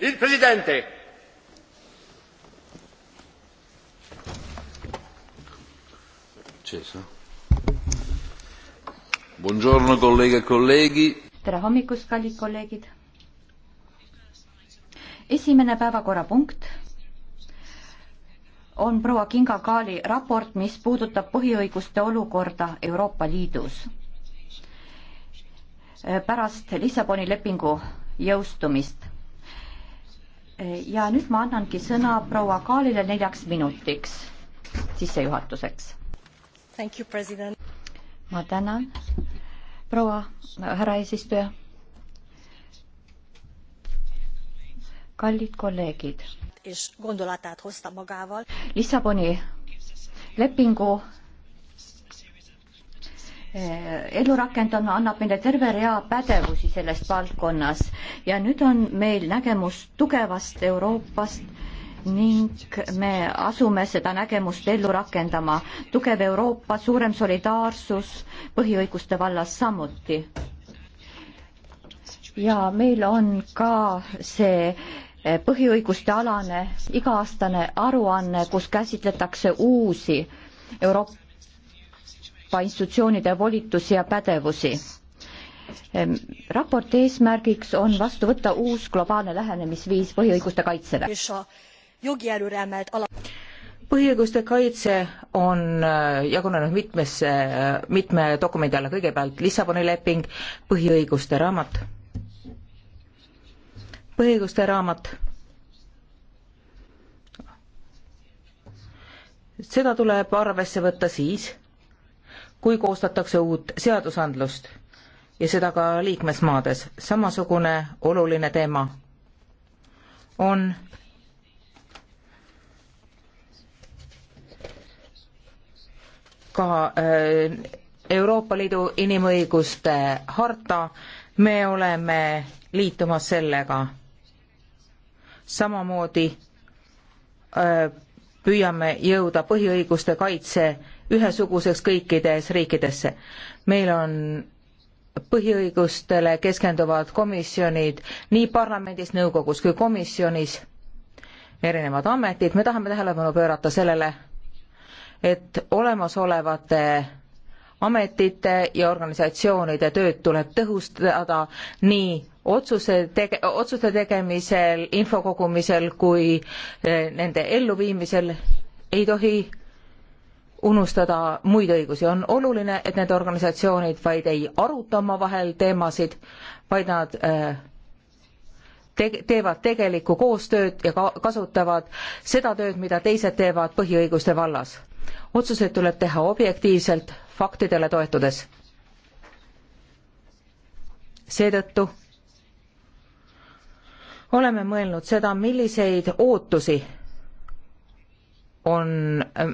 Il Presidente. Cesa. Buongiorno kolleeg ja e kolleegi. tere hommikust, kallid kolleegid. esimene päevakorrapunkt on proua Kinga Kaali raport, mis puudutab põhiõiguste olukorda Euroopa Liidus pärast Lissaboni lepingu jõustumist. ja nüüd ma annangi sõna proua Kaalile neljaks minutiks sissejuhatuseks. ma tänan, proua härra eesistuja. kallid kolleegid. Lissaboni lepingu Eh, ellurakendama, annab meile terve rea pädevusi selles valdkonnas ja nüüd on meil nägemus tugevast Euroopast ning me asume seda nägemust ellu rakendama. tugev Euroopa, suurem solidaarsus põhiõiguste vallas samuti. ja meil on ka see eh, põhiõiguste alane iga-aastane aruanne, kus käsitletakse uusi Euroopa Euroopa institutsioonide volitusi ja pädevusi. raporti eesmärgiks on vastu võtta uus globaalne lähenemisviis põhiõiguste kaitsele. põhiõiguste kaitse on äh, jagunenud mitmesse, äh, mitme dokumendi alla, kõigepealt Lissaboni leping, põhiõiguste raamat, põhiõiguste raamat seda tuleb arvesse võtta siis, kui koostatakse uut seadusandlust ja seda ka liikmesmaades. samasugune oluline teema on ka äh, Euroopa Liidu inimõiguste harta, me oleme liitumas sellega. samamoodi äh, püüame jõuda põhiõiguste kaitse ühesuguseks kõikides riikidesse. meil on põhiõigustele keskenduvad komisjonid nii parlamendis, nõukogus kui komisjonis, erinevad ametid, me tahame tähelepanu pöörata sellele, et olemasolevate ametite ja organisatsioonide tööd tuleb tõhustada nii otsuse tege-, otsuste tegemisel, info kogumisel kui eh, nende elluviimisel ei tohi unustada muid õigusi. on oluline, et need organisatsioonid vaid ei aruta omavahel teemasid, vaid nad äh, te-, teevad tegelikku koostööd ja ka-, kasutavad seda tööd, mida teised teevad põhiõiguste vallas. otsuseid tuleb teha objektiivselt, faktidele toetudes. seetõttu oleme mõelnud seda, milliseid ootusi on, ähm,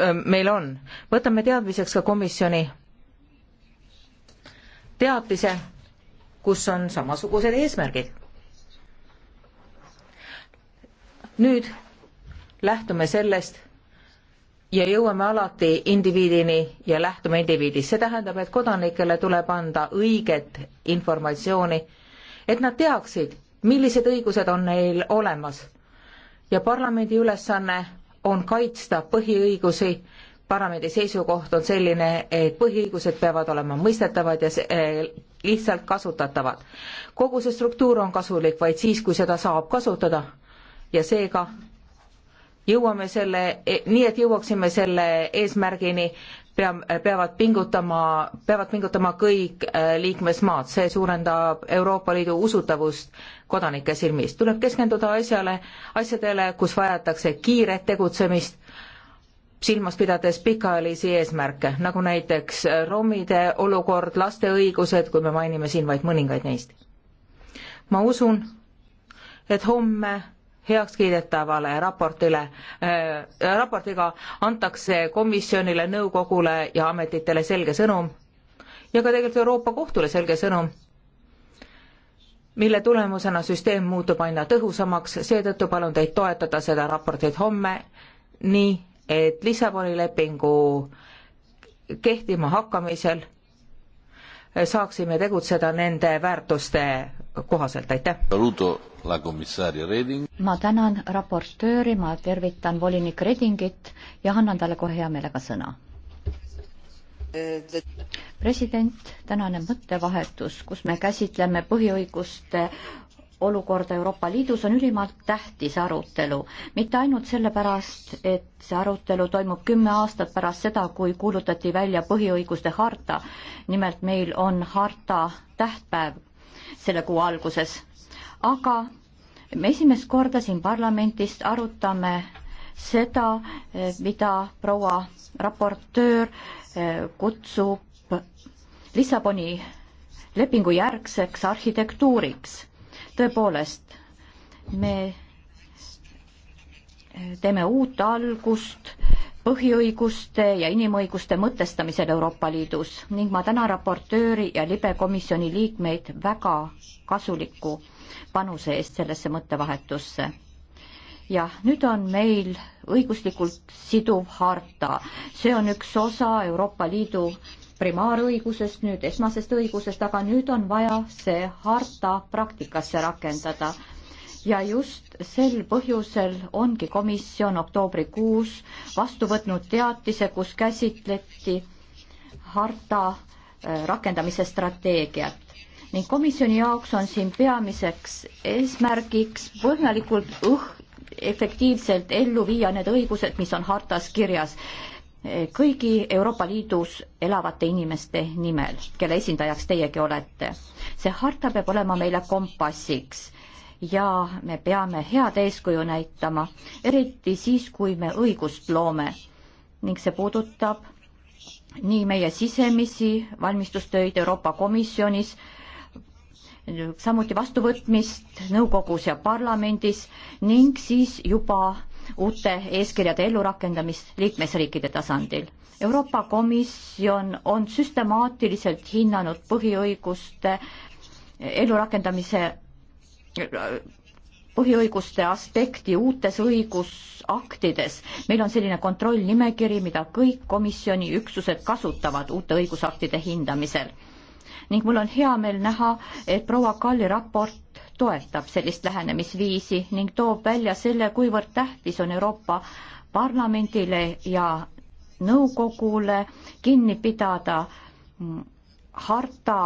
äh, meil on. võtame teadmiseks ka komisjoni teatise, kus on samasugused eesmärgid. nüüd lähtume sellest ja jõuame alati indiviidini ja lähtume indiviidist. see tähendab, et kodanikele tuleb anda õiget informatsiooni, et nad teaksid, millised õigused on neil olemas. ja parlamendi ülesanne on kaitsta põhiõigusi. parlamendi seisukoht on selline, et põhiõigused peavad olema mõistetavad ja eh, lihtsalt kasutatavad. kogu see struktuur on kasulik vaid siis, kui seda saab kasutada ja seega jõuame selle, e-, nii et jõuaksime selle eesmärgini, pea, peavad pingutama, peavad pingutama kõik äh, liikmesmaad, see suurendab Euroopa Liidu usutavust kodanike silmis. tuleb keskenduda asjale, asjadele, kus vajatakse kiiret tegutsemist, silmas pidades pikaajalisi eesmärke, nagu näiteks romide olukord, laste õigused, kui me mainime siin vaid mõningaid neist. ma usun, et homme heakskiidetavale raportile äh,, raportiga antakse komisjonile, nõukogule ja ametitele selge sõnum ja ka tegelikult Euroopa Kohtule selge sõnum, mille tulemusena süsteem muutub aina tõhusamaks, seetõttu palun teid toetada seda raportit homme, nii et Lissaboni lepingu kehtima hakkamisel saaksime tegutseda nende väärtuste kohaselt, aitäh! ma tänan raportööri, ma tervitan volinik Redingit ja annan talle kohe hea meelega sõna. president, tänane mõttevahetus, kus me käsitleme põhiõiguste olukorda Euroopa Liidus on ülimalt tähtis arutelu. mitte ainult sellepärast, et see arutelu toimub kümme aastat pärast seda, kui kuulutati välja põhiõiguste harta. nimelt meil on harta tähtpäev selle kuu alguses. aga me esimest korda siin parlamendist arutame seda, mida proua raportöör eh, kutsub Lissaboni lepingu järgseks arhitektuuriks. tõepoolest, me eh, teeme uut algust põhiõiguste ja inimõiguste mõtestamisel Euroopa Liidus ning ma tänan raportööri ja libekomisjoni liikmeid väga kasuliku panuse eest sellesse mõttevahetusse. jah, nüüd on meil õiguslikult siduv harta, see on üks osa Euroopa Liidu primaarõigusest, nüüd esmasest õigusest, aga nüüd on vaja see harta praktikasse rakendada ja just sel põhjusel ongi komisjon oktoobrikuus vastu võtnud teatise, kus käsitleti harta äh, rakendamise strateegiat ning komisjoni jaoks on siin peamiseks eesmärgiks põhjalikult õh-, efektiivselt ellu viia need õigused, mis on hartas kirjas äh, kõigi Euroopa Liidus elavate inimeste nimel, kelle esindajaks teiegi olete. see harta peab olema meile kompassiks ja me peame head eeskuju näitama, eriti siis, kui me õigust loome. ning see puudutab nii meie sisemisi valmistustöid Euroopa Komisjonis, samuti vastuvõtmist nõukogus ja parlamendis ning siis juba uute eeskirjade ellurakendamist liikmesriikide tasandil. Euroopa Komisjon on süstemaatiliselt hinnanud põhiõiguste ellurakendamise põhiõiguste aspekti uutes õigusaktides. meil on selline kontrollnimekiri, mida kõik komisjoni üksused kasutavad uute õigusaktide hindamisel. ning mul on hea meel näha, et proua Kalli raport toetab sellist lähenemisviisi ning toob välja selle, kuivõrd tähtis on Euroopa Parlamendile ja nõukogule kinni pidada harta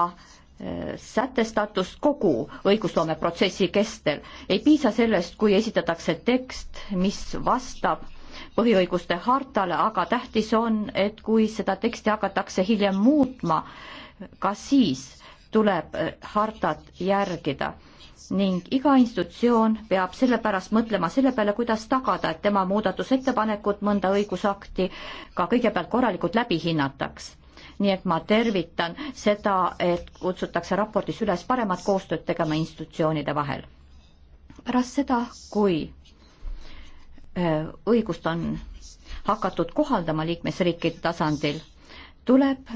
sätestatust kogu õigusloome protsessi kestel. ei piisa sellest, kui esitatakse tekst, mis vastab põhiõiguste hartale, aga tähtis on, et kui seda teksti hakatakse hiljem muutma, ka siis tuleb äh, hartat järgida ning iga institutsioon peab sellepärast mõtlema selle peale, kuidas tagada, et tema muudatusettepanekud mõnda õigusakti ka kõigepealt korralikult läbi hinnataks nii et ma tervitan seda, et kutsutakse raportis üles paremat koostööd tegema institutsioonide vahel. pärast seda, kui õigust on hakatud kohaldama liikmesriikide tasandil, tuleb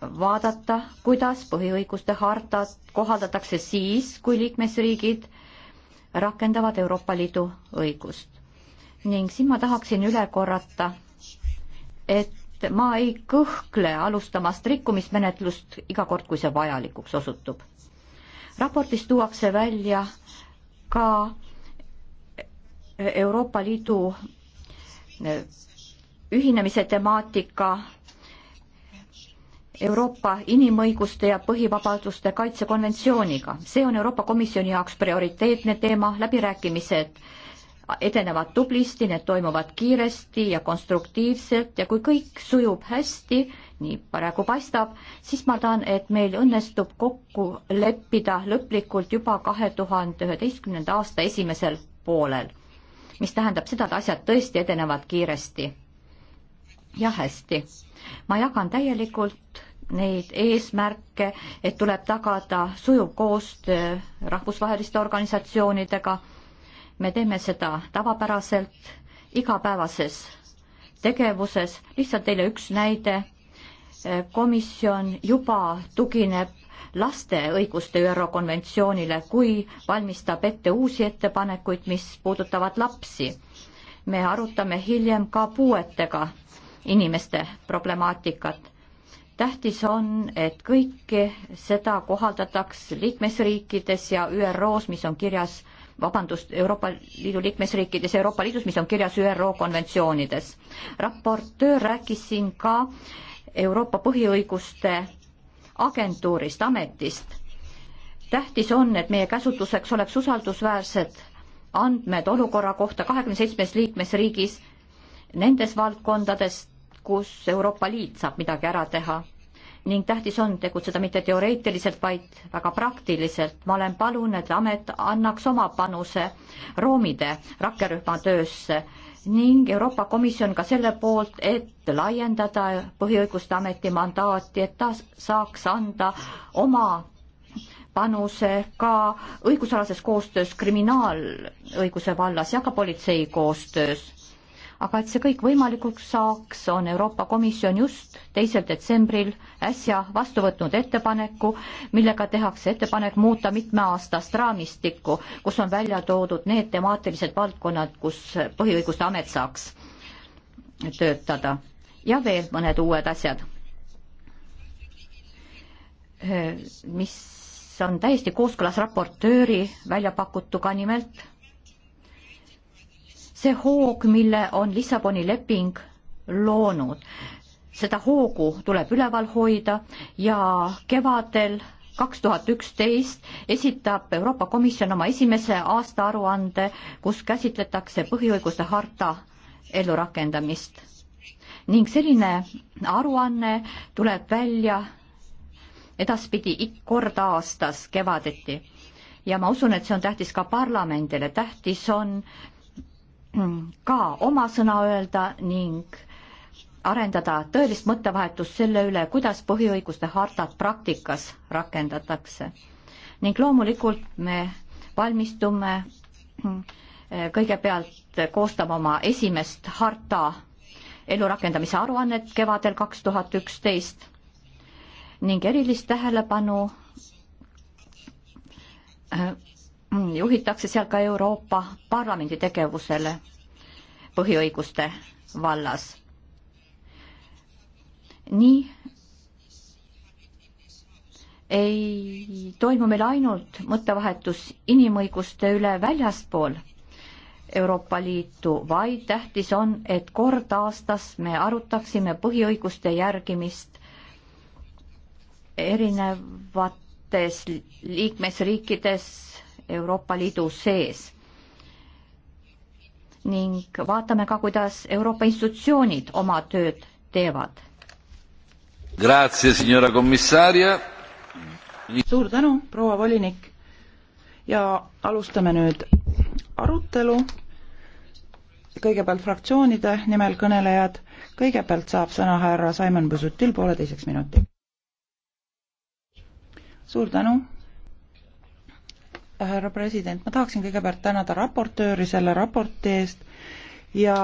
vaadata, kuidas põhiõiguste hartat kohaldatakse siis, kui liikmesriigid rakendavad Euroopa Liidu õigust. ning siin ma tahaksin üle korrata, et et ma ei kõhkle alustamast rikkumismenetlust iga kord, kui see vajalikuks osutub. raportis tuuakse välja ka Euroopa Liidu ühinemise temaatika Euroopa inimõiguste ja põhivabaduste kaitsekonventsiooniga. see on Euroopa Komisjoni jaoks prioriteetne teema, läbirääkimised edenevad tublisti, need toimuvad kiiresti ja konstruktiivselt ja kui kõik sujub hästi, nii praegu paistab, siis ma tahan, et meil õnnestub kokku leppida lõplikult juba kahe tuhande üheteistkümnenda aasta esimesel poolel, mis tähendab seda, et asjad tõesti edenevad kiiresti ja hästi. ma jagan täielikult neid eesmärke, et tuleb tagada sujuv koostöö rahvusvaheliste organisatsioonidega me teeme seda tavapäraselt igapäevases tegevuses. lihtsalt teile üks näide. komisjon juba tugineb laste õiguste ÜRO konventsioonile, kui valmistab ette uusi ettepanekuid, mis puudutavad lapsi. me arutame hiljem ka puuetega inimeste problemaatikat. tähtis on, et kõike seda kohaldataks liikmesriikides ja ÜRO-s, mis on kirjas vabandust, Euroopa Liidu liikmesriikides ja Euroopa Liidus, mis on kirjas ÜRO konventsioonides. raportöör rääkis siin ka Euroopa põhiõiguste agentuurist, ametist. tähtis on, et meie käsutuseks oleks usaldusväärsed andmed olukorra kohta kahekümne seitsmes liikmesriigis nendes valdkondades, kus Euroopa Liit saab midagi ära teha ning tähtis on tegutseda mitte teoreetiliselt, vaid väga praktiliselt. ma olen palunud, et amet annaks oma panuse Roomide rakkerühma töösse ning Euroopa Komisjon ka selle poolt, et laiendada Põhiõiguste Ameti mandaati, et ta saaks anda oma panuse ka õigusalases koostöös kriminaalõiguse vallas ja ka politsei koostöös aga et see kõik võimalikuks saaks, on Euroopa Komisjon just teisel detsembril äsja vastu võtnud ettepaneku, millega tehakse ettepanek muuta mitmeaastast raamistikku, kus on välja toodud need temaatilised valdkonnad, kus Põhiõiguste Amet saaks töötada ja veel mõned uued asjad, mis on täiesti kooskõlas raportööri välja pakutuga, nimelt see hoog, mille on Lissaboni leping loonud, seda hoogu tuleb üleval hoida ja kevadel kaks tuhat üksteist esitab Euroopa Komisjon oma esimese aastaaruande, kus käsitletakse põhiõiguste harta ellurakendamist. ning selline aruanne tuleb välja edaspidi kord aastas kevadeti. ja ma usun, et see on tähtis ka parlamendile, tähtis on äh, ka oma sõna öelda ning arendada tõelist mõttevahetust selle üle, kuidas põhiõiguste hartat praktikas rakendatakse. ning loomulikult me valmistume mm, kõigepealt koostama oma esimest harta elurakendamise aruannet kevadel kaks tuhat üksteist ning erilist tähelepanu äh, juhitakse seal ka Euroopa Parlamendi tegevusele põhiõiguste vallas. nii ei toimu meil ainult mõttevahetus inimõiguste üle väljaspool Euroopa Liitu, vaid tähtis on, et kord aastas me arutaksime põhiõiguste järgimist erinevates liikmesriikides Euroopa Liidu sees. ning vaatame ka, kuidas Euroopa institutsioonid oma tööd teevad. suur tänu, proua volinik ja alustame nüüd arutelu. kõigepealt fraktsioonide nimel kõnelejad, kõigepealt saab sõna härra Simon Busutil pooleteiseks minutiks. suur tänu, härra president, ma tahaksin kõigepealt tänada raportööri selle raporti eest ja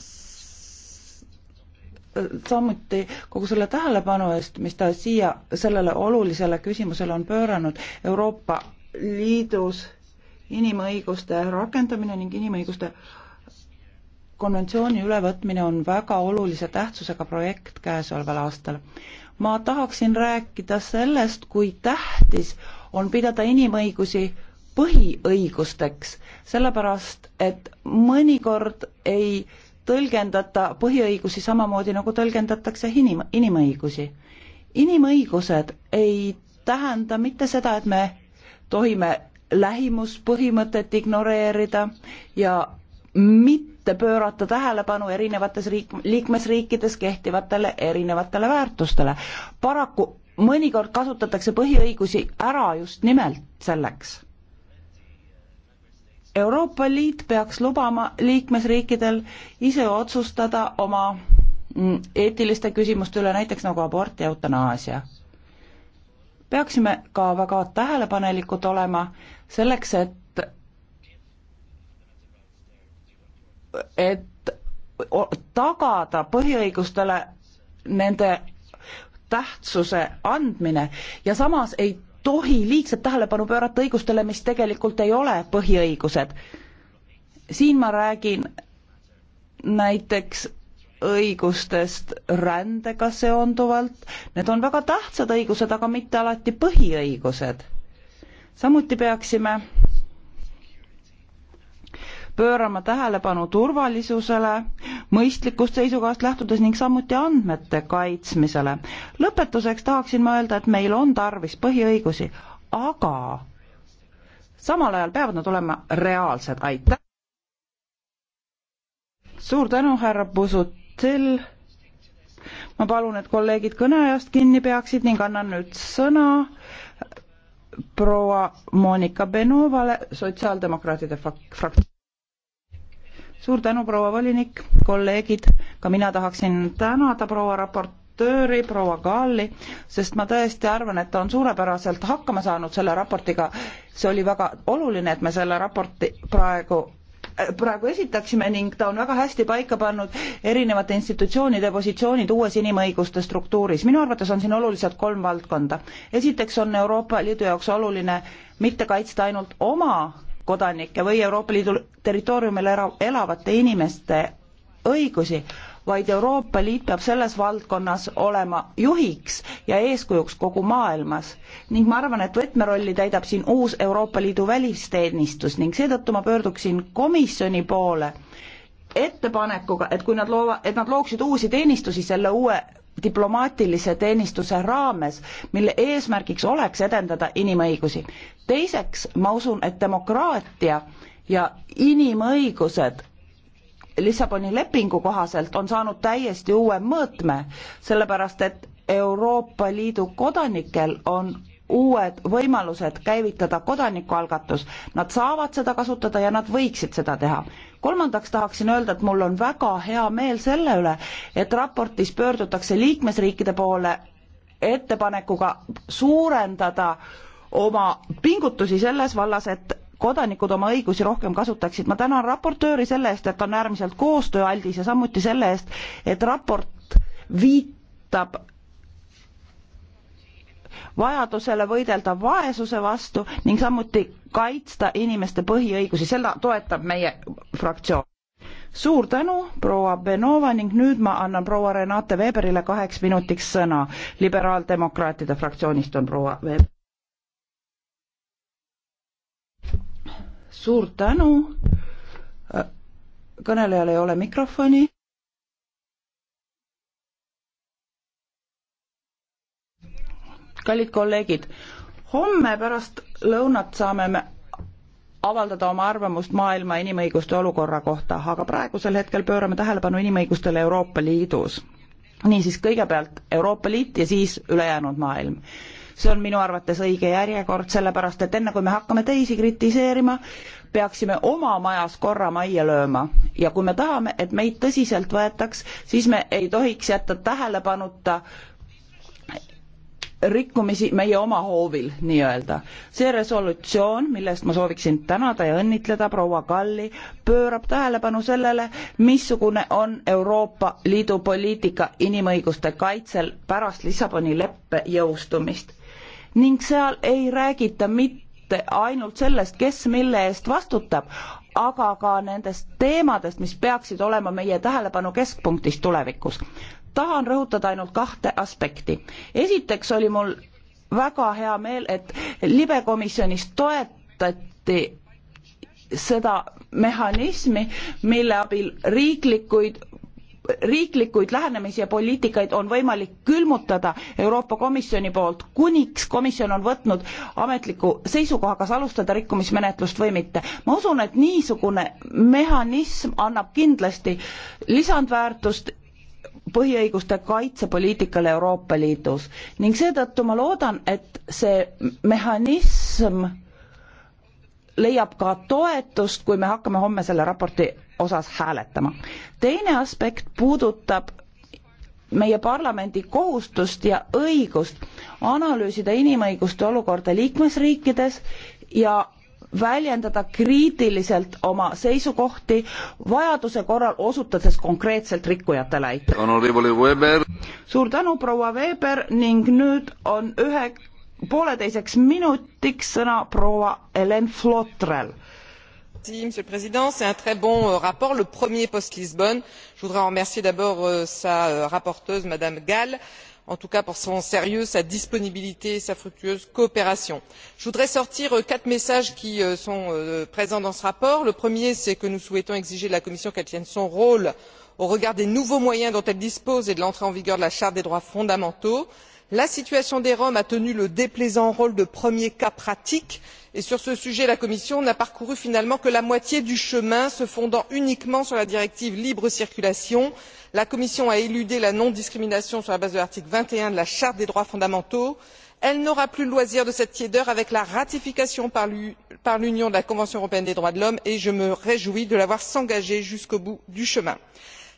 samuti kogu selle tähelepanu eest, mis ta siia sellele olulisele küsimusele on pööranud Euroopa Liidus inimõiguste rakendamine ning inimõiguste konventsiooni ülevõtmine on väga olulise tähtsusega projekt käesoleval aastal. ma tahaksin rääkida sellest, kui tähtis on pidada inimõigusi põhiõigusteks, sellepärast et mõnikord ei tõlgendata põhiõigusi samamoodi, nagu tõlgendatakse inim-, inimõigusi. inimõigused ei tähenda mitte seda, et me tohime lähimuspõhimõtet ignoreerida ja mitte pöörata tähelepanu erinevates riik-, liikmesriikides kehtivatele erinevatele väärtustele. paraku mõnikord kasutatakse põhiõigusi ära just nimelt selleks. Euroopa Liit peaks lubama liikmesriikidel ise otsustada oma mm, eetiliste küsimuste üle, näiteks nagu abort ja eutanaasia. peaksime ka väga tähelepanelikud olema selleks, et, et tagada põhiõigustele nende tähtsuse andmine ja samas ei tohi liigset tähelepanu pöörata õigustele, mis tegelikult ei ole põhiõigused. siin ma räägin näiteks õigustest rändega seonduvalt, need on väga tähtsad õigused, aga mitte alati põhiõigused. samuti peaksime pöörama tähelepanu turvalisusele, mõistlikust seisukohast lähtudes ning samuti andmete kaitsmisele. lõpetuseks tahaksin ma öelda, et meil on tarvis põhiõigusi, aga samal ajal peavad nad olema reaalsed, aitäh! suur tänu, härra Pusutil! ma palun, et kolleegid kõneajast kinni peaksid ning annan nüüd sõna proua Monika Benovale sotsiaaldemokraatide frak- suur tänu, proua volinik, kolleegid, ka mina tahaksin tänada proua raportööri, proua Kalli, sest ma tõesti arvan, et ta on suurepäraselt hakkama saanud selle raportiga. see oli väga oluline, et me selle raporti praegu äh, praegu esitaksime ning ta on väga hästi paika pannud erinevate institutsioonide positsioonid uues inimõiguste struktuuris. minu arvates on siin oluliselt kolm valdkonda. esiteks on Euroopa Liidu jaoks oluline mitte kaitsta ainult oma kodanike või Euroopa Liidu territooriumil elavate inimeste õigusi, vaid Euroopa Liit peab selles valdkonnas olema juhiks ja eeskujuks kogu maailmas. ning ma arvan, et võtmerolli täidab siin uus Euroopa Liidu välisteenistus ning seetõttu ma pöörduksin komisjoni poole ettepanekuga, et kui nad loovad, et nad looksid uusi teenistusi selle uue diplomaatilise teenistuse raames, mille eesmärgiks oleks edendada inimõigusi. teiseks, ma usun, et demokraatia ja inimõigused Lissaboni lepingu kohaselt on saanud täiesti uue mõõtme, sellepärast et Euroopa Liidu kodanikel on uued võimalused käivitada kodanikualgatus, nad saavad seda kasutada ja nad võiksid seda teha. kolmandaks tahaksin öelda, et mul on väga hea meel selle üle, et raportis pöördutakse liikmesriikide poole ettepanekuga suurendada oma pingutusi selles vallas, et kodanikud oma õigusi rohkem kasutaksid. ma tänan raportööri selle eest, et on äärmiselt koostööaldis ja samuti selle eest, et raport viitab vajadusele võidelda vaesuse vastu ning samuti kaitsta inimeste põhiõigusi, seda toetab meie fraktsioon. suur tänu, proua Benova ning nüüd ma annan proua Renate Weberile kaheks minutiks sõna. liberaaldemokraatide fraktsioonist on proua Weber. suur tänu. kõnelejal ei ole mikrofoni kallid kolleegid, homme pärast lõunat saame me avaldada oma arvamust maailma inimõiguste olukorra kohta, aga praegusel hetkel pöörame tähelepanu inimõigustele Euroopa Liidus. niisiis, kõigepealt Euroopa Liit ja siis ülejäänud maailm. see on minu arvates õige järjekord, sellepärast et enne kui me hakkame teisi kritiseerima, peaksime oma majas korra majja lööma ja kui me tahame, et meid tõsiselt võetaks, siis me ei tohiks jätta tähelepanuta äh, rikkumisi meie oma hoovil nii-öelda. see resolutsioon, millest ma sooviksin tänada ja õnnitleda proua Kalli, pöörab tähelepanu sellele, missugune on Euroopa Liidu poliitika inimõiguste kaitsel pärast Lissaboni leppe jõustumist. ning seal ei räägita mitte ainult sellest, kes mille eest vastutab, aga ka nendest teemadest, mis peaksid olema meie tähelepanu keskpunktis tulevikus tahan rõhutada ainult kahte aspekti. esiteks oli mul väga hea meel, et libekomisjonis toetati seda mehhanismi, mille abil riiklikuid riiklikuid lähenemisi ja poliitikaid on võimalik külmutada Euroopa Komisjoni poolt, kuniks komisjon on võtnud ametliku seisukoha, kas alustada rikkumismenetlust või mitte. ma usun, et niisugune mehhanism annab kindlasti lisandväärtust põhiõiguste kaitsepoliitikale Euroopa Liidus ning seetõttu ma loodan, et see mehhanism leiab ka toetust, kui me hakkame homme selle raporti osas hääletama. teine aspekt puudutab meie parlamendi kohustust ja õigust analüüsida inimõiguste olukorda liikmesriikides ja väljendada kriitiliselt oma seisukohti, vajaduse korral osutades konkreetselt rikkujatele aitäh. suur tänu, proua Weber ning nüüd on ühe pooleteiseks minutiks sõna proua Helen Flotrel monsieur le président c'est un très bon euh, rapport le premier post lisbonne. je voudrais en remercier d'abord euh, sa euh, rapporteure mme gl en tout cas pour son sérieux sa disponibilité et sa fructueuse coopération. je voudrais sortir euh, quatre messages qui euh, sont euh, présents dans ce rapport. le premier c'est que nous souhaitons exiger de la commission qu'elle tienne son rôle au regard des nouveaux moyens dont elle dispose et de l'entrée en vigueur de la charte des droits fondamentaux la situation des roms a tenu le déplaisant rôle de premier cas pratique et sur ce sujet la commission n'a parcouru finalement que la moitié du chemin se fondant uniquement sur la directive libre circulation. la commission a éludé la non discrimination sur la base de l'article vingt et un de la charte des droits fondamentaux. elle n'aura plus le loisir de cette tiédeur avec la ratification par l'union de la convention européenne des droits de l'homme et je me réjouis de la voir s'engager jusqu'au bout du chemin.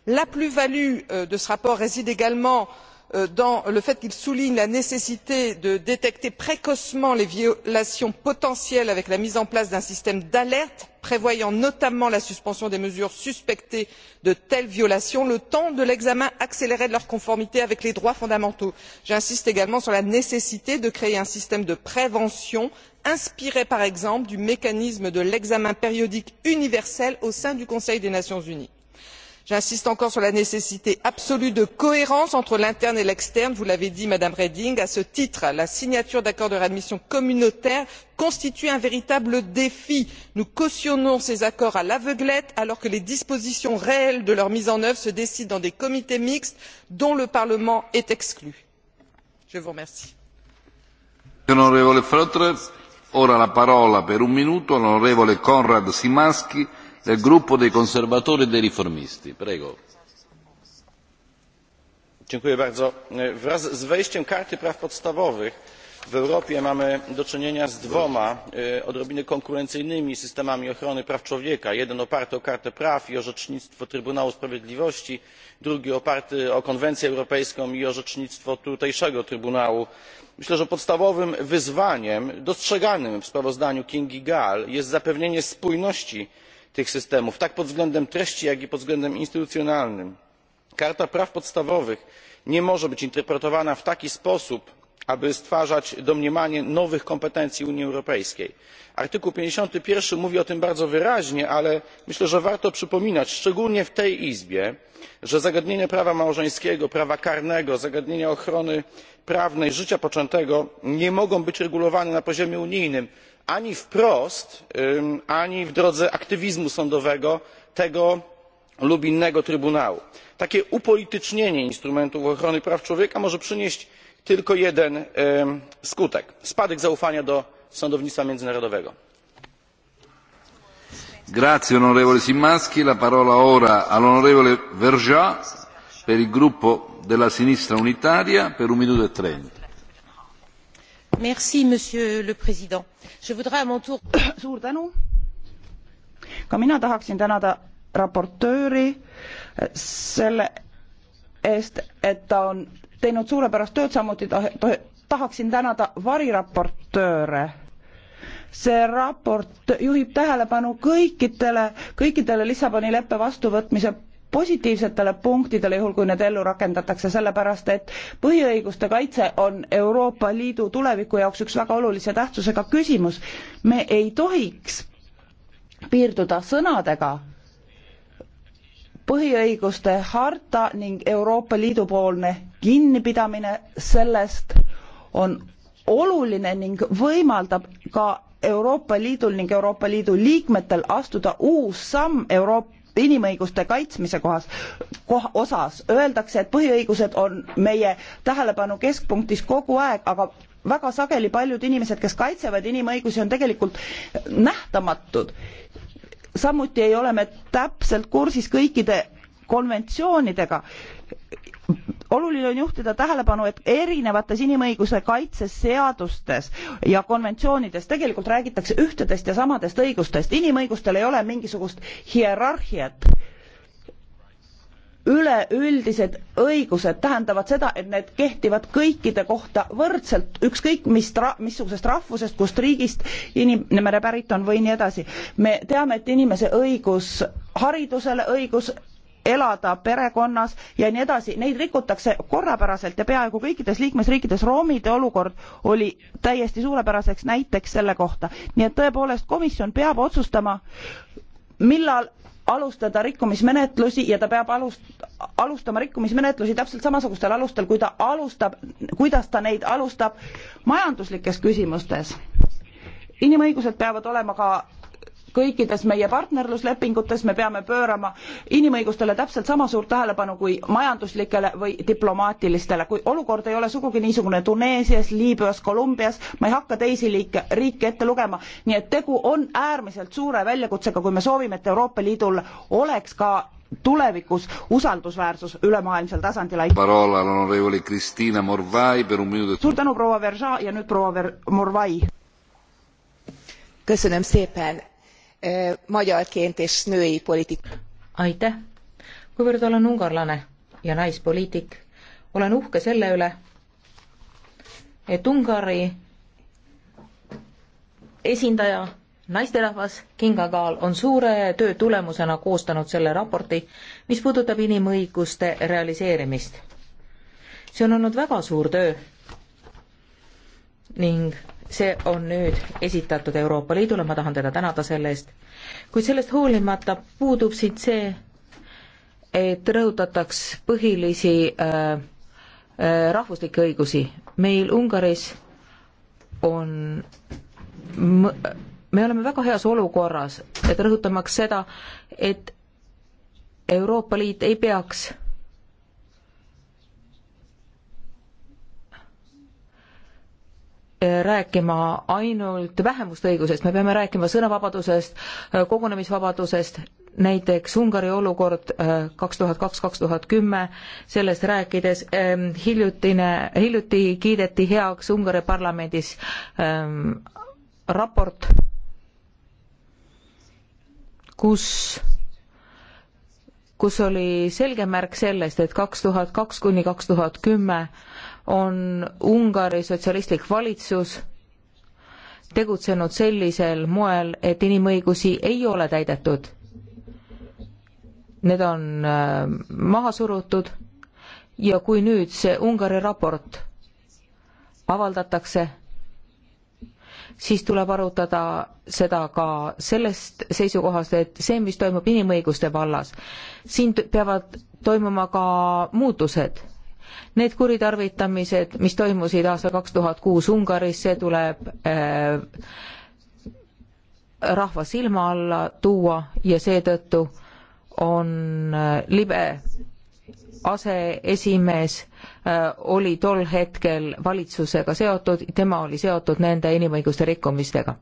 la plus value euh, de ce rapport réside également dans Euh, dans le fait qu'il souligne la nécessité de détecter précocement les violations potentielles avec la mise en place d'un système d'alerte prévoyant notamment la suspension des mesures suspectées de telles violations le temps de l'examen accéléré de leur conformité avec les droits fondamentaux. j'insiste également sur la nécessité de créer un système de prévention inspiré par exemple du mécanisme de l'examen périodique universel au sein du conseil des nations unies j'insiste encore sur la nécessité absolue de cohérence entre l'interne et l'externe vous l'avez dit madame reding. à ce titre la signature d'accords de réadmission communautaires constitue un véritable défi. nous cautionnons ces accords à l'aveuglette alors que les dispositions réelles de leur mise en œuvre se décident dans des comités mixtes dont le parlement est exclu. je vous remercie del gruppo dei conservatori e dei riformisti. E, wraz z wejściem karty praw podstawowych w europie mamy do czynienia z dwoma e, odrobinę konkurencyjnymi systemami ochrony praw człowieka jeden oparty o kartę praw i orzecznictwo trybunału sprawiedliwości drugi oparty o konwencję europejską i orzecznictwo tutejszego trybunału. myślę że podstawowym wyzwaniem dostrzeganym w sprawozdaniu kingi gl jest zapewnienie spójności tych systemów tak pod względem treści jak i pod względem instytucjonalnym. karta praw podstawowych nie może być interpretowana w taki sposób aby stwarzać domniemanie nowych kompetencji unii europejskiej. artykuł pięćdziesiąt jeden mówi o tym bardzo wyraźnie ale myślę że warto przypominać szczególnie w tej izbie że zagadnienia prawa małżeńskiego prawa karnego zagadnienia ochrony prawnej życia poczętego nie mogą być regulowane na poziomie unijnym ani wprost ani w drodze aktywizmu sądowego tego lub innego trybunału. takie upolitycznienie instrumentów ochrony praw człowieka może przynieść tylko jeden skutek spadek zaufania do sądownictwa międzynarodowego. Grazie, vergiat per il gruppo della sinistra unitaria per un minuto e trenta. suur tänu! ka mina tahaksin tänada raportööri eh, selle eest et ta on teinud suurepärast tööd samuti tahaksin tänada variraportööre see raport juhib tähelepanu kõikidele kõikidele lissaboni leppe vastuvõtmise positiivsetele punktidele, juhul kui need ellu rakendatakse, sellepärast et põhiõiguste kaitse on Euroopa Liidu tuleviku jaoks üks väga olulise tähtsusega küsimus. me ei tohiks piirduda sõnadega, põhiõiguste harta ning Euroopa Liidu poolne kinnipidamine sellest on oluline ning võimaldab ka Euroopa Liidul ning Euroopa Liidu liikmetel astuda uus samm Euroopa inimõiguste kaitsmise kohas koh, osas öeldakse, et põhiõigused on meie tähelepanu keskpunktis kogu aeg, aga väga sageli paljud inimesed, kes kaitsevad inimõigusi, on tegelikult nähtamatud. samuti ei ole me täpselt kursis kõikide konventsioonidega oluline on juhtida tähelepanu et erinevates inimõiguse kaitseseadustes ja konventsioonides tegelikult räägitakse ühtedest ja samadest õigustest inimõigustel ei ole mingisugust hierarhiat üleüldised õigused tähendavad seda et need kehtivad kõikide kohta võrdselt ükskõik mis ra- missugusest rahvusest kust riigist inimene pärit on või nii edasi me teame et inimese õigus haridusele õigus elada perekonnas ja nii edasi neid rikutakse korrapäraselt ja peaaegu kõikides liikmesriikides roomide olukord oli täiesti suurepäraseks näiteks selle kohta nii et tõepoolest komisjon peab otsustama millal alustada rikkumismenetlusi ja ta peab alust- alustama rikkumismenetlusi täpselt samasugustel alustel kui ta alustab kuidas ta neid alustab majanduslikes küsimustes inimõigused peavad olema ka kõikides meie partnerluslepingutes me peame pöörama inimõigustele täpselt sama suurt tähelepanu kui majanduslikele või diplomaatilistele. kui olukord ei ole sugugi niisugune Tuneesias, Liibüas, Kolumbias, ma ei hakka teisi liike, riike ette lugema, nii et tegu on äärmiselt suure väljakutsega, kui me soovime, et Euroopa Liidul oleks ka tulevikus usaldusväärsus ülemaailmsel tasandil. E suur tänu proua Verja ja nüüd proua Ver-, Morvai. köszönöm szépen magyarként és női politik-. aitäh! kuivõrd olen ungarlane ja naispoliitik, olen uhke selle üle, et Ungari esindaja, naisterahvas Kinga Kaal on suure töö tulemusena koostanud selle raporti, mis puudutab inimõiguste realiseerimist. see on olnud väga suur töö ning see on nüüd esitatud Euroopa Liidule, ma tahan teda tänada selle eest, kuid sellest hoolimata puudub siin see, et rõhutataks põhilisi äh, äh, rahvuslikke õigusi. meil Ungaris on, me oleme väga heas olukorras, et rõhutamaks seda, et Euroopa Liit ei peaks Äh, rääkima ainult vähemuste õigusest, me peame rääkima sõnavabadusest, äh, kogunemisvabadusest, näiteks Ungari olukord äh, kaks tuhat kaks, kaks tuhat kümme, sellest rääkides ähm, hiljutine, hiljuti kiideti heaks Ungari parlamendis ähm, raport, kus kus oli selge märk sellest, et kaks tuhat kaks kuni kaks tuhat kümme on Ungari sotsialistlik valitsus tegutsenud sellisel moel, et inimõigusi ei ole täidetud. Need on äh, maha surutud ja kui nüüd see Ungari raport avaldatakse, siis tuleb arutada seda ka sellest seisukohast, et see, mis toimub inimõiguste vallas, siin peavad toimuma ka muutused. Need kuritarvitamised, mis toimusid aastal kaks tuhat kuus Ungaris, see tuleb äh, rahva silma alla tuua ja seetõttu on äh, libe aseesimees äh, oli tol hetkel valitsusega seotud, tema oli seotud nende inimõiguste rikkumistega.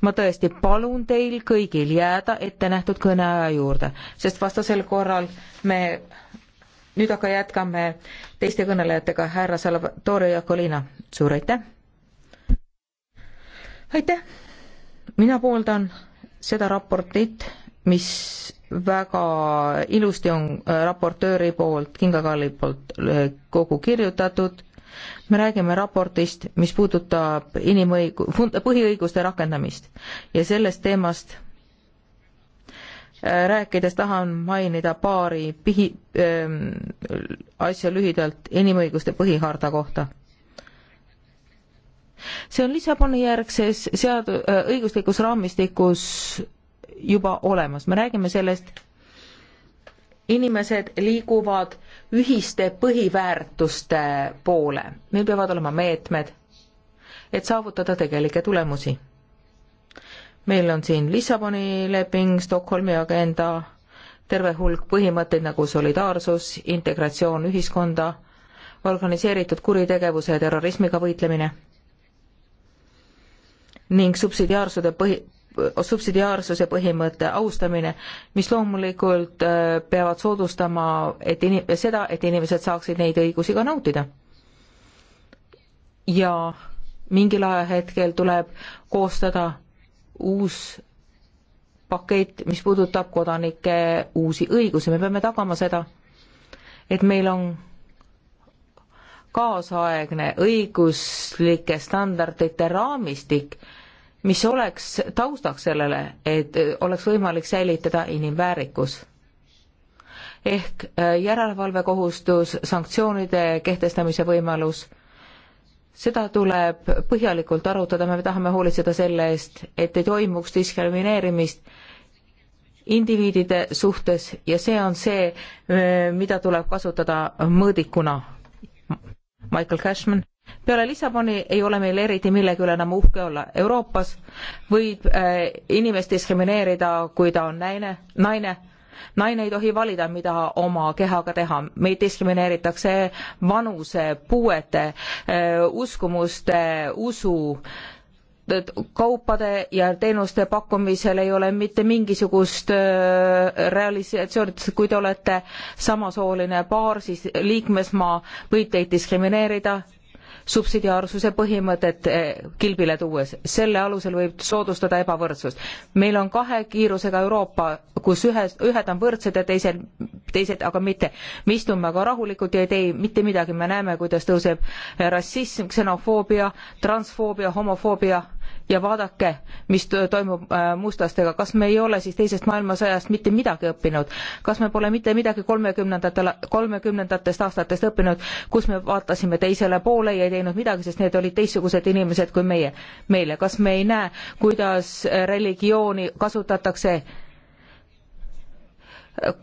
ma tõesti palun teil kõigil jääda ettenähtud kõneaja juurde, sest vastasel korral me nüüd aga jätkame teiste kõnelejatega, härra Salvatore Jakolina, suur aitäh! aitäh! mina pooldan seda raportit, mis väga ilusti on äh, raportööri poolt, Kingakalli poolt äh, kogu kirjutatud, me räägime raportist, mis puudutab inimõigu-, põhiõiguste rakendamist ja sellest teemast äh, rääkides tahan mainida paari pihi- äh,, asja lühidalt inimõiguste põhiharta kohta see on Lissaboni järgses sead-, õiguslikus raamistikus juba olemas, me räägime sellest, inimesed liiguvad ühiste põhiväärtuste poole, meil peavad olema meetmed, et saavutada tegelikke tulemusi. meil on siin Lissaboni leping, Stockholmi agenda, terve hulk põhimõtteid nagu solidaarsus, integratsioon ühiskonda, organiseeritud kuritegevuse ja terrorismiga võitlemine ning subsidiaarsuse põhi, subsidiaarsuse põhimõtte austamine, mis loomulikult äh, peavad soodustama, et in-, seda, et inimesed saaksid neid õigusi ka nautida. ja mingil ajahetkel tuleb koostada uus pakett, mis puudutab kodanike uusi õigusi, me peame tagama seda, et meil on kaasaegne õiguslike standardite raamistik, mis oleks taustaks sellele, et äh, oleks võimalik säilitada inimväärikus. ehk äh, järelevalvekohustus, sanktsioonide kehtestamise võimalus, seda tuleb põhjalikult arutada, me tahame hoolitseda selle eest, et ei toimuks diskrimineerimist indiviidide suhtes ja see on see, äh, mida tuleb kasutada mõõdikuna. Michael Cashman peale Lissaboni ei ole meil eriti millegi üle enam uhke olla. Euroopas võib äh, inimest diskrimineerida, kui ta on näine, naine. naine ei tohi valida, mida oma kehaga teha. meid diskrimineeritakse vanuse, puuete äh,, uskumuste, usu kaupade ja teenuste pakkumisel ei ole mitte mingisugust äh, realisatsiooni, kui te olete samasooline paar, siis liikmesmaa võib teid diskrimineerida, subsidiaarsuse põhimõtet eh, kilbile tuues. selle alusel võib soodustada ebavõrdsust. meil on kahe kiirusega Euroopa, kus ühes, ühed on võrdsed ja teised, teised aga mitte. me istume aga rahulikult ja ei tee mitte midagi, me näeme, kuidas tõuseb rassism, ksenofoobia, transfoobia, homofoobia ja vaadake, mis toimub äh, mustastega, kas me ei ole siis teisest maailmasõjast mitte midagi õppinud, kas me pole mitte midagi kolmekümnendatel, kolmekümnendatest aastatest õppinud, kus me vaatasime teisele poole ja ei teinud midagi, sest need olid teistsugused inimesed kui meie, meile, kas me ei näe, kuidas religiooni kasutatakse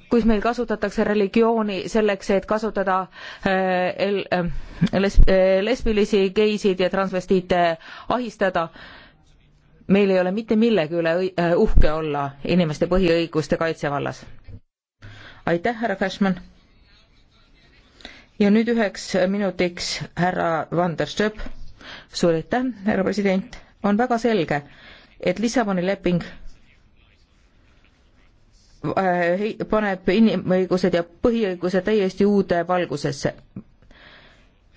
kus meil kasutatakse religiooni selleks, et kasutada äh, äh, lesbilisi, geisid ja transvestiite ahistada meil ei ole mitte millegi üle äh, uhke olla inimeste põhiõiguste kaitse vallas. aitäh, härra Cashman. ja nüüd üheks minutiks härra Van der Stöp. suur aitäh, härra president. on väga selge, et Lissaboni leping äh, paneb inimõigused ja põhiõigused täiesti uude valgusesse.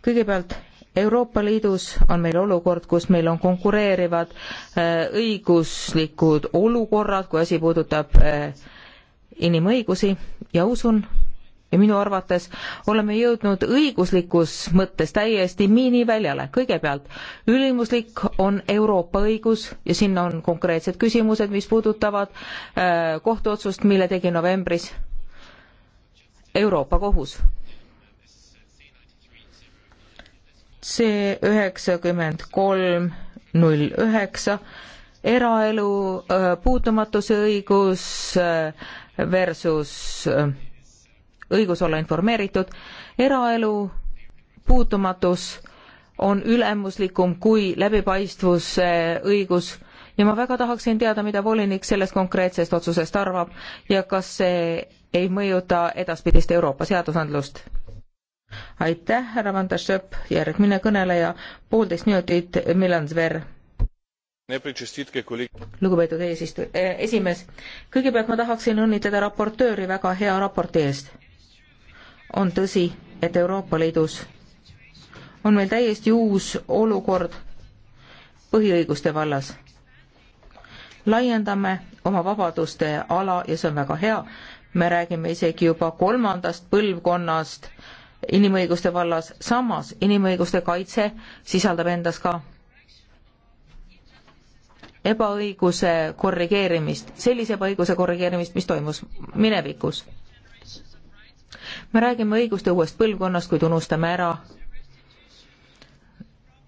kõigepealt Euroopa Liidus on meil olukord, kus meil on konkureerivad äh, õiguslikud olukorrad, kui asi puudutab äh, inimõigusi ja usun ja minu arvates oleme jõudnud õiguslikus mõttes täiesti miiniväljale. kõigepealt, ülimuslik on Euroopa õigus ja sinna on konkreetsed küsimused, mis puudutavad äh, kohtuotsust, mille tegi novembris Euroopa Kohus C üheksakümmend kolm null üheksa, eraelu äh, puutumatuse õigus äh, versus äh, õigus olla informeeritud, eraelu puutumatus on ülemuslikum kui läbipaistvuse õigus ja ma väga tahaksin teada, mida volinik sellest konkreetsest otsusest arvab ja kas see ei mõjuta edaspidist Euroopa seadusandlust aitäh, härra Vandašep, järgmine kõneleja, poolteist minutit, Milan Zver. lugupeetud eesistuja eh,, esimees, kõigepealt ma tahaksin õnnitleda raportööri väga hea raporti eest. on tõsi, et Euroopa Liidus on meil täiesti uus olukord põhiõiguste vallas. laiendame oma vabaduste ala ja see on väga hea, me räägime isegi juba kolmandast põlvkonnast äh, inimõiguste vallas, samas inimõiguste kaitse sisaldab endas ka ebaõiguse korrigeerimist, sellise ebaõiguse korrigeerimist, mis toimus minevikus. me räägime õiguste uuest põlvkonnast, kuid unustame ära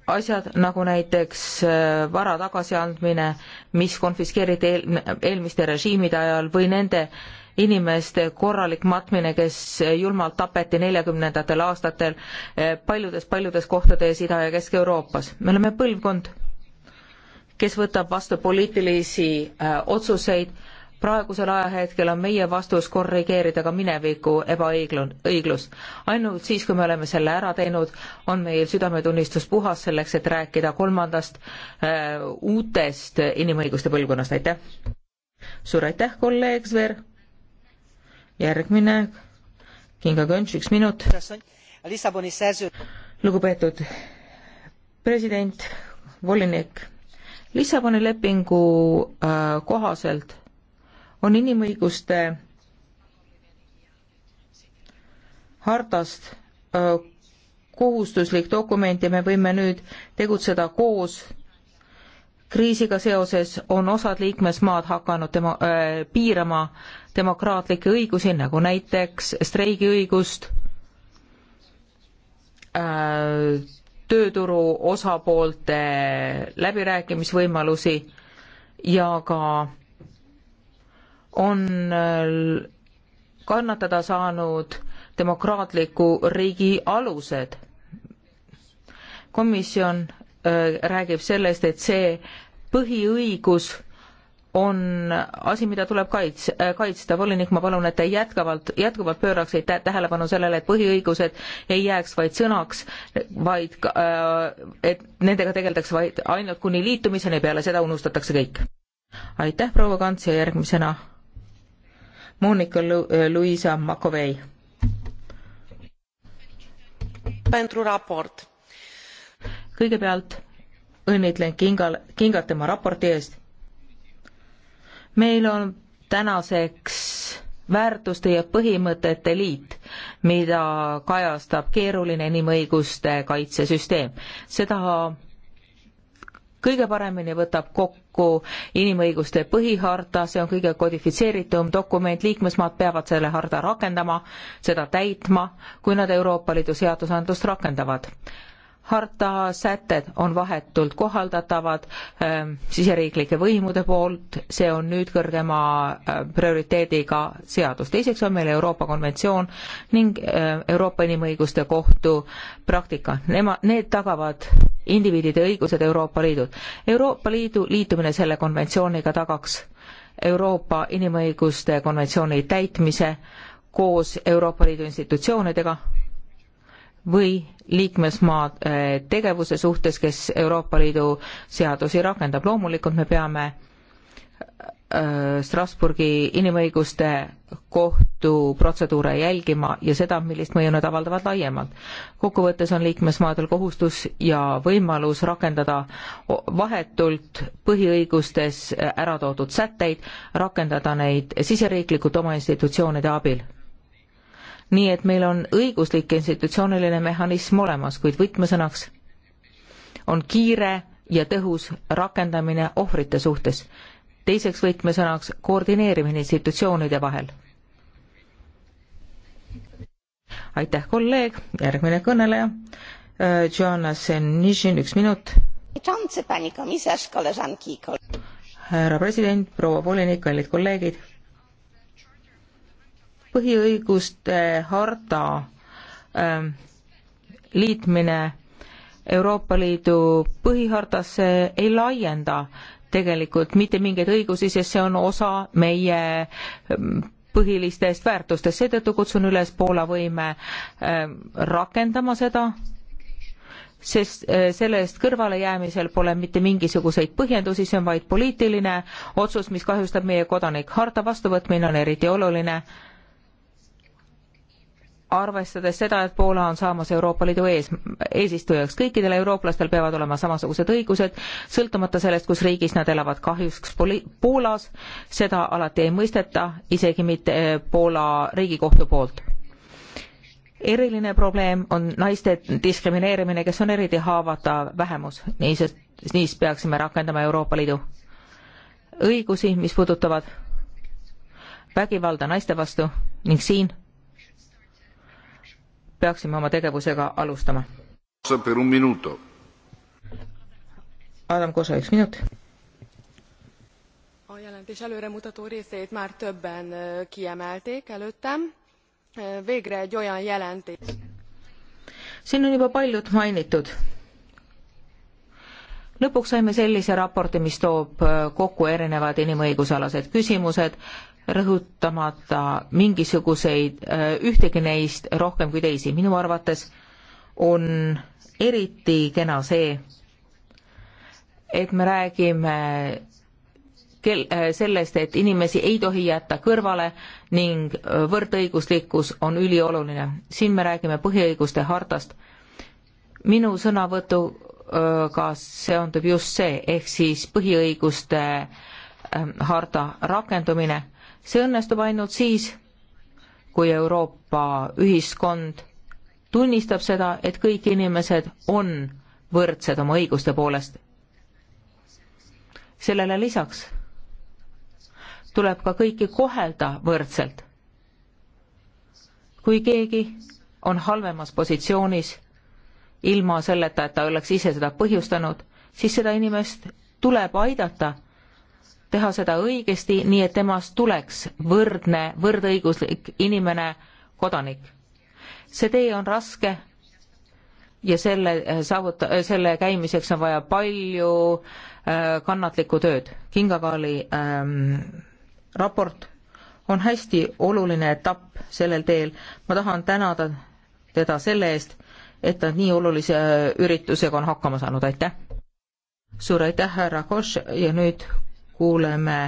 asjad nagu näiteks äh, vara tagasiandmine, mis konfiskeeriti eel, eelmiste režiimide ajal või nende äh, inimeste korralik matmine, kes julmalt tapeti neljakümnendatel aastatel paljudes-paljudes eh, kohtades Ida- ja Kesk-Euroopas. me oleme põlvkond, kes võtab vastu poliitilisi eh, otsuseid, praegusel ajahetkel on meie vastus korrigeerida ka mineviku ebaõiglus. ainult siis, kui me oleme selle ära teinud, on meil südametunnistus puhas selleks, et rääkida kolmandast äh, uutest inimõiguste põlvkonnast, aitäh! suur aitäh, kolleeg Sver! järgmine, Kinga Könš, üks minut. lugupeetud president, volinik, Lissaboni lepingu äh, kohaselt on inimõiguste äh, hartast äh, kohustuslik dokument ja me võime nüüd tegutseda koos kriisiga seoses on osad liikmesmaad hakanud demo- äh,, piirama demokraatlikke õigusi, nagu näiteks streigiõigust äh,, tööturu osapoolte läbirääkimisvõimalusi ja ka on äh, kannatada saanud demokraatliku riigi alused. komisjon Äh, räägib sellest, et see põhiõigus on asi, mida tuleb kaits-, äh, kaitsta. volinik, ma palun, et te jätkavalt, jätkuvalt pööraksite tä tähelepanu sellele, et põhiõigused ei jääks vaid sõnaks, vaid äh, et nendega tegeldakse vaid ainult kuni liitumiseni, peale seda unustatakse kõik. aitäh, proua Kants ja järgmisena Monika Lu-, äh, Luisa Makovei. pentru raport kõigepealt õnnitlen Kingal, Kingat tema raporti eest. meil on tänaseks väärtuste ja põhimõtete liit, mida kajastab keeruline inimõiguste kaitsesüsteem. seda kõige paremini võtab kokku inimõiguste põhiharta, see on kõige kodifitseeritum dokument, liikmesmaad peavad selle harda rakendama, seda täitma, kui nad Euroopa Liidu seadusandlust rakendavad harta sätted on vahetult kohaldatavad äh, siseriiklike võimude poolt, see on nüüd kõrgema äh, prioriteediga seadus. teiseks on meil Euroopa konventsioon ning äh, Euroopa Inimõiguste Kohtu praktika. Nema-, need tagavad indiviidide õigused Euroopa Liidul. Euroopa Liidu liitumine selle konventsiooniga tagaks Euroopa Inimõiguste konventsiooni täitmise koos Euroopa Liidu institutsioonidega või liikmesmaa äh, tegevuse suhtes, kes Euroopa Liidu seadusi rakendab. loomulikult me peame äh, Strasbourgi inimõiguste kohtu protseduure jälgima ja seda, millist mõju nad avaldavad laiemalt. kokkuvõttes on liikmesmaadel kohustus ja võimalus rakendada vahetult põhiõigustes ära toodud sätteid, rakendada neid siseriiklikult oma institutsioonide abil nii et meil on õiguslik institutsiooniline mehhanism olemas, kuid võtmesõnaks on kiire ja tõhus rakendamine ohvrite suhtes. teiseks võtmesõnaks koordineerimine institutsioonide vahel. aitäh, kolleeg, järgmine kõneleja. Äh, Joanna Senišin, üks minut. härra president, proua volinik, kallid kolleegid põhiõiguste harta ähm, liitmine Euroopa Liidu põhihardasse ei laienda tegelikult mitte mingeid õigusi, sest see on osa meie ähm, põhilistest väärtustest, seetõttu kutsun üles Poola võime ähm, rakendama seda, sest äh, selle eest kõrvalejäämisel pole mitte mingisuguseid põhjendusi, see on vaid poliitiline otsus, mis kahjustab meie kodanik. harta vastuvõtmine on eriti oluline arvestades seda, et Poola on saamas Euroopa Liidu ees, eesistujaks. kõikidel eurooplastel peavad olema samasugused õigused, sõltumata sellest, kus riigis nad elavad. kahjuks poli-, Poolas seda alati ei mõisteta, isegi mitte eh, Poola riigikohtu poolt. eriline probleem on naiste diskrimineerimine, kes on eriti haavatav vähemus, nii sest, siis peaksime rakendama Euroopa Liidu õigusi, mis puudutavad vägivalda naiste vastu ning siin peaksime oma tegevusega alustama. Adam Kosa, üks minut. A jelentés előremutató részét már többen kiemelték előttem. Végre egy olyan jelentés. Siin on juba paljud mainitud. Lõpuks saime sellise raporti, mis toob kokku erinevad inimõigusalased küsimused, rõhutamata mingisuguseid, äh, ühtegi neist rohkem kui teisi. minu arvates on eriti kena see, et me räägime kel-, äh, sellest, et inimesi ei tohi jätta kõrvale ning äh, võrdõiguslikkus on ülioluline. siin me räägime põhiõiguste hartast. minu sõnavõtuga seondub just see, ehk siis põhiõiguste harta rakendumine see õnnestub ainult siis, kui Euroopa ühiskond tunnistab seda, et kõik inimesed on võrdsed oma õiguste poolest. sellele lisaks tuleb ka kõiki kohelda võrdselt. kui keegi on halvemas positsioonis, ilma selleta, et ta oleks ise seda põhjustanud, siis seda inimest tuleb aidata teha seda õigesti, nii et temast tuleks võrdne, võrdõiguslik inimene, kodanik. see tee on raske ja selle äh, saavuta-, äh, selle käimiseks on vaja palju äh, kannatlikku tööd. kingakaali ähm, raport on hästi oluline etapp sellel teel. ma tahan tänada teda selle eest, et ta nii olulise üritusega on hakkama saanud, aitäh! suur aitäh, härra Koš ja nüüd kuuleme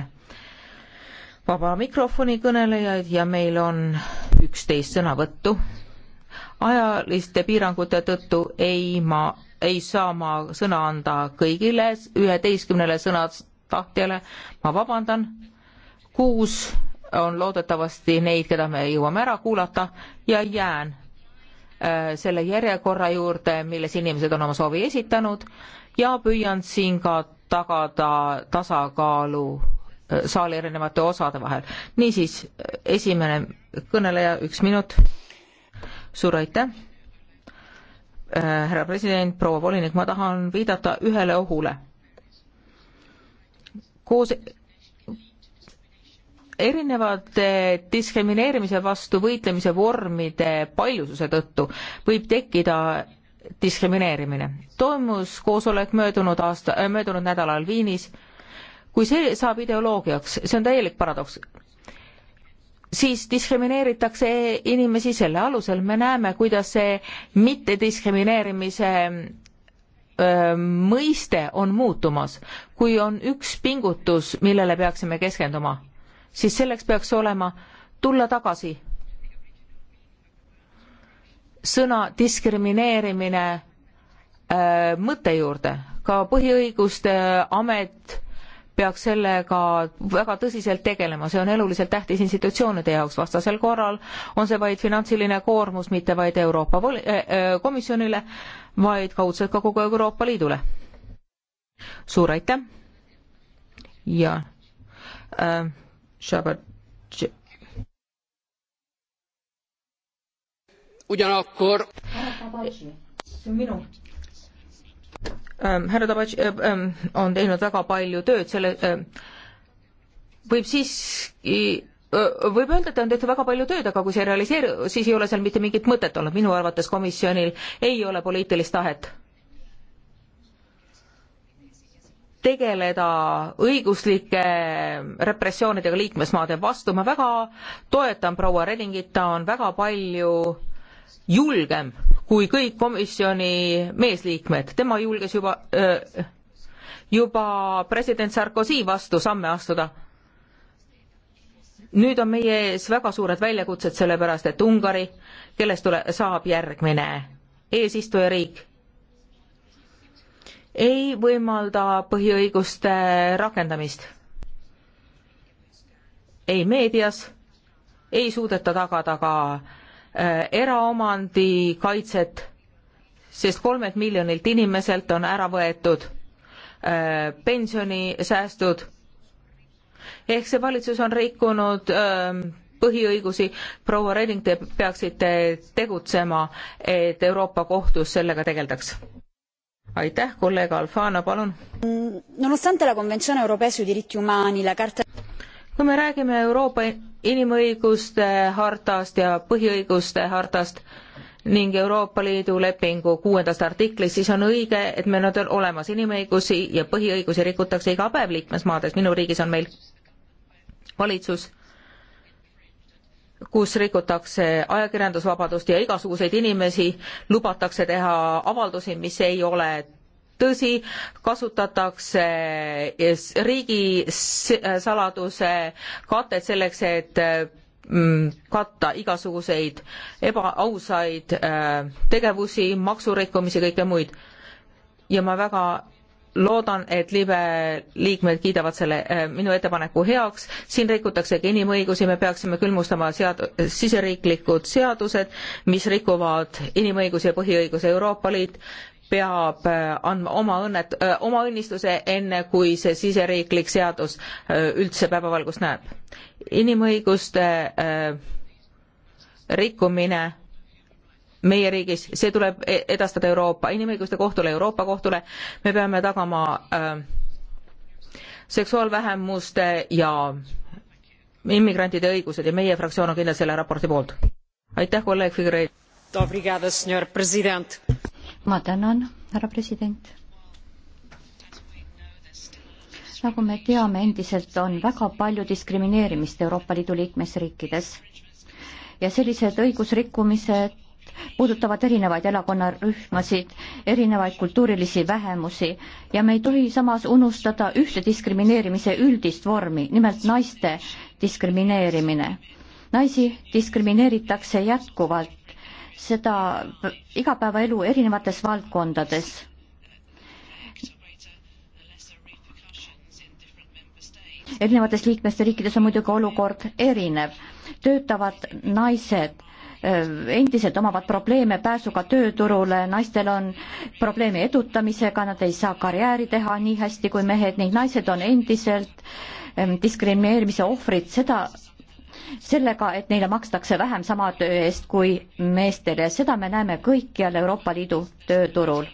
vaba mikrofoni kõnelejaid ja meil on üksteist sõnavõttu. ajaliste piirangute tõttu ei ma, ei saa ma sõna anda kõigile üheteistkümnele sõnatahtjale, ma vabandan, kuus on loodetavasti neid, keda me jõuame ära kuulata ja jään äh, selle järjekorra juurde, milles inimesed on oma soovi esitanud ja püüan siin ka tagada tasakaalu äh, saali erinevate osade vahel. niisiis, äh, esimene kõneleja, üks minut. suur aitäh. Äh, härra president, proua volinik, ma tahan viidata ühele ohule. koos erinevate diskrimineerimise vastu võitlemise vormide paljususe tõttu võib tekkida diskrimineerimine. toimus koosolek möödunud aasta äh,, möödunud nädalal Viinis. kui see saab ideoloogiaks, see on täielik paradoks, siis diskrimineeritakse inimesi selle alusel, me näeme, kuidas see mittediskrimineerimise mõiste on muutumas. kui on üks pingutus, millele peaksime keskenduma, siis selleks peaks olema tulla tagasi sõna diskrimineerimine äh, mõtte juurde. ka põhiõiguste äh, amet peaks sellega väga tõsiselt tegelema, see on eluliselt tähtis institutsioonide jaoks, vastasel korral on see vaid finantsiline koormus mitte vaid Euroopa voli- äh,, äh Komisjonile, vaid kaudselt ka kogu Euroopa Liidule. suur aitäh ja äh, Shabbat ugyanakkor... see on minu ähm, härra Tabatš äh, ähm, on teinud väga palju tööd selle, ähm, võib siiski, äh, võib öelda, et ta on tehtud väga palju tööd, aga kui see ei realiseeru, siis ei ole seal mitte mingit mõtet olnud, minu arvates komisjonil ei ole poliitilist tahet tegeleda õiguslike repressioonidega liikmesmaade vastu, ma väga toetan proua Redingit, ta on väga palju äh, julgem kui kõik komisjoni meesliikmed, tema julges juba, äh, juba president Sarkozy vastu samme astuda. nüüd on meie ees väga suured väljakutsed, sellepärast et Ungari, kellest tule-, saab järgmine eesistujariik, ei võimalda põhiõiguste rakendamist. ei meedias, ei suudeta tagada taga ka Äh, eraomandi kaitset, sest kolmelt miljonilt inimeselt on ära võetud äh, pensionisäästud. ehk see valitsus on rikkunud ähm, põhiõigusi. proua Reding, te peaksite tegutsema, et Euroopa Kohtus sellega tegeldaks. aitäh, kolleeg Alfano, palun. kui me räägime Euroopa inimõiguste hartast ja põhiõiguste hartast ning Euroopa Liidu lepingu kuuendast artiklist, siis on õige, et meil on olemas inimõigusi ja põhiõigusi rikutakse iga päev liikmesmaades, minu riigis on meil valitsus, kus rikutakse ajakirjandusvabadust ja igasuguseid inimesi lubatakse teha avaldusi, mis ei ole tõsi, kasutatakse riigisaladuse katet selleks, et mm, katta igasuguseid ebaausaid äh, tegevusi, maksurikkumisi, kõike muid. ja ma väga loodan, et libe liikmed kiidavad selle äh, minu ettepaneku heaks, siin rikutaksegi inimõigusi, me peaksime külmustama sead-, siseriiklikud seadused, mis rikuvad inimõigusi ja põhiõigusi, Euroopa Liit peab äh, andma oma õnnet, äh, oma õnnistuse, enne kui see siseriiklik seadus äh, üldse päevavalgust näeb. inimõiguste rikkumine meie riigis, see tuleb e-, edastada Euroopa Inimõiguste Kohtule, Euroopa Kohtule, me peame tagama seksuaalvähemuste ja immigrantide õigused ja meie fraktsioon on kindlasti selle raporti poolt. aitäh, kolleeg Figuereid! ma tänan, härra president. nagu me teame, endiselt on väga palju diskrimineerimist Euroopa Liidu liikmesriikides ja sellised õigusrikkumised puudutavad erinevaid elakonnarühmasid, erinevaid kultuurilisi vähemusi ja me ei tohi samas unustada ühte diskrimineerimise üldist vormi, nimelt naiste diskrimineerimine. naisi diskrimineeritakse jätkuvalt seda igapäevaelu erinevates valdkondades. erinevates liikmesriikides on muidugi olukord erinev, töötavad naised eh, endiselt omavad probleeme pääsuga tööturule, naistel on probleeme edutamisega, nad ei saa karjääri teha nii hästi kui mehed ning naised on endiselt eh, diskrimineerimise ohvrid, seda sellega, et neile makstakse vähem sama töö eest kui meestele, seda me näeme kõikjal Euroopa Liidu tööturul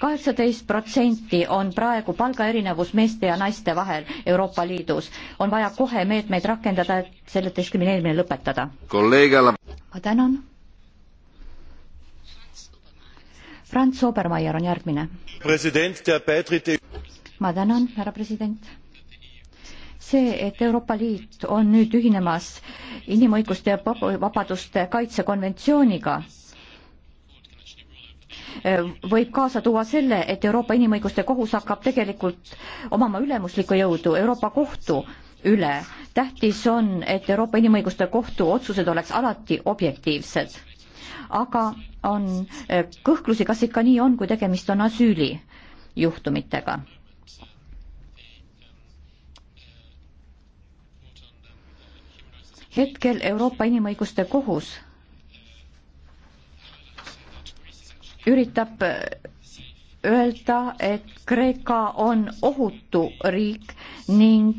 kaheksateist protsenti on praegu palgaerinevus meeste ja naiste vahel Euroopa Liidus. on vaja kohe meetmeid rakendada, et selle diskrimineerimine lõpetada. ma tänan. Franz Obermeier on järgmine. ma tänan, härra president see, et Euroopa Liit on nüüd ühinemas inimõiguste ja vabaduste kaitsekonventsiooniga, võib kaasa tuua selle, et Euroopa Inimõiguste Kohus hakkab tegelikult omama ülemuslikku jõudu Euroopa Kohtu üle. tähtis on, et Euroopa Inimõiguste Kohtu otsused oleks alati objektiivsed. aga on eh, kõhklusi, kas ikka nii on, kui tegemist on asüülijuhtumitega hetkel Euroopa Inimõiguste Kohus üritab öelda, et Kreeka on ohutu riik ning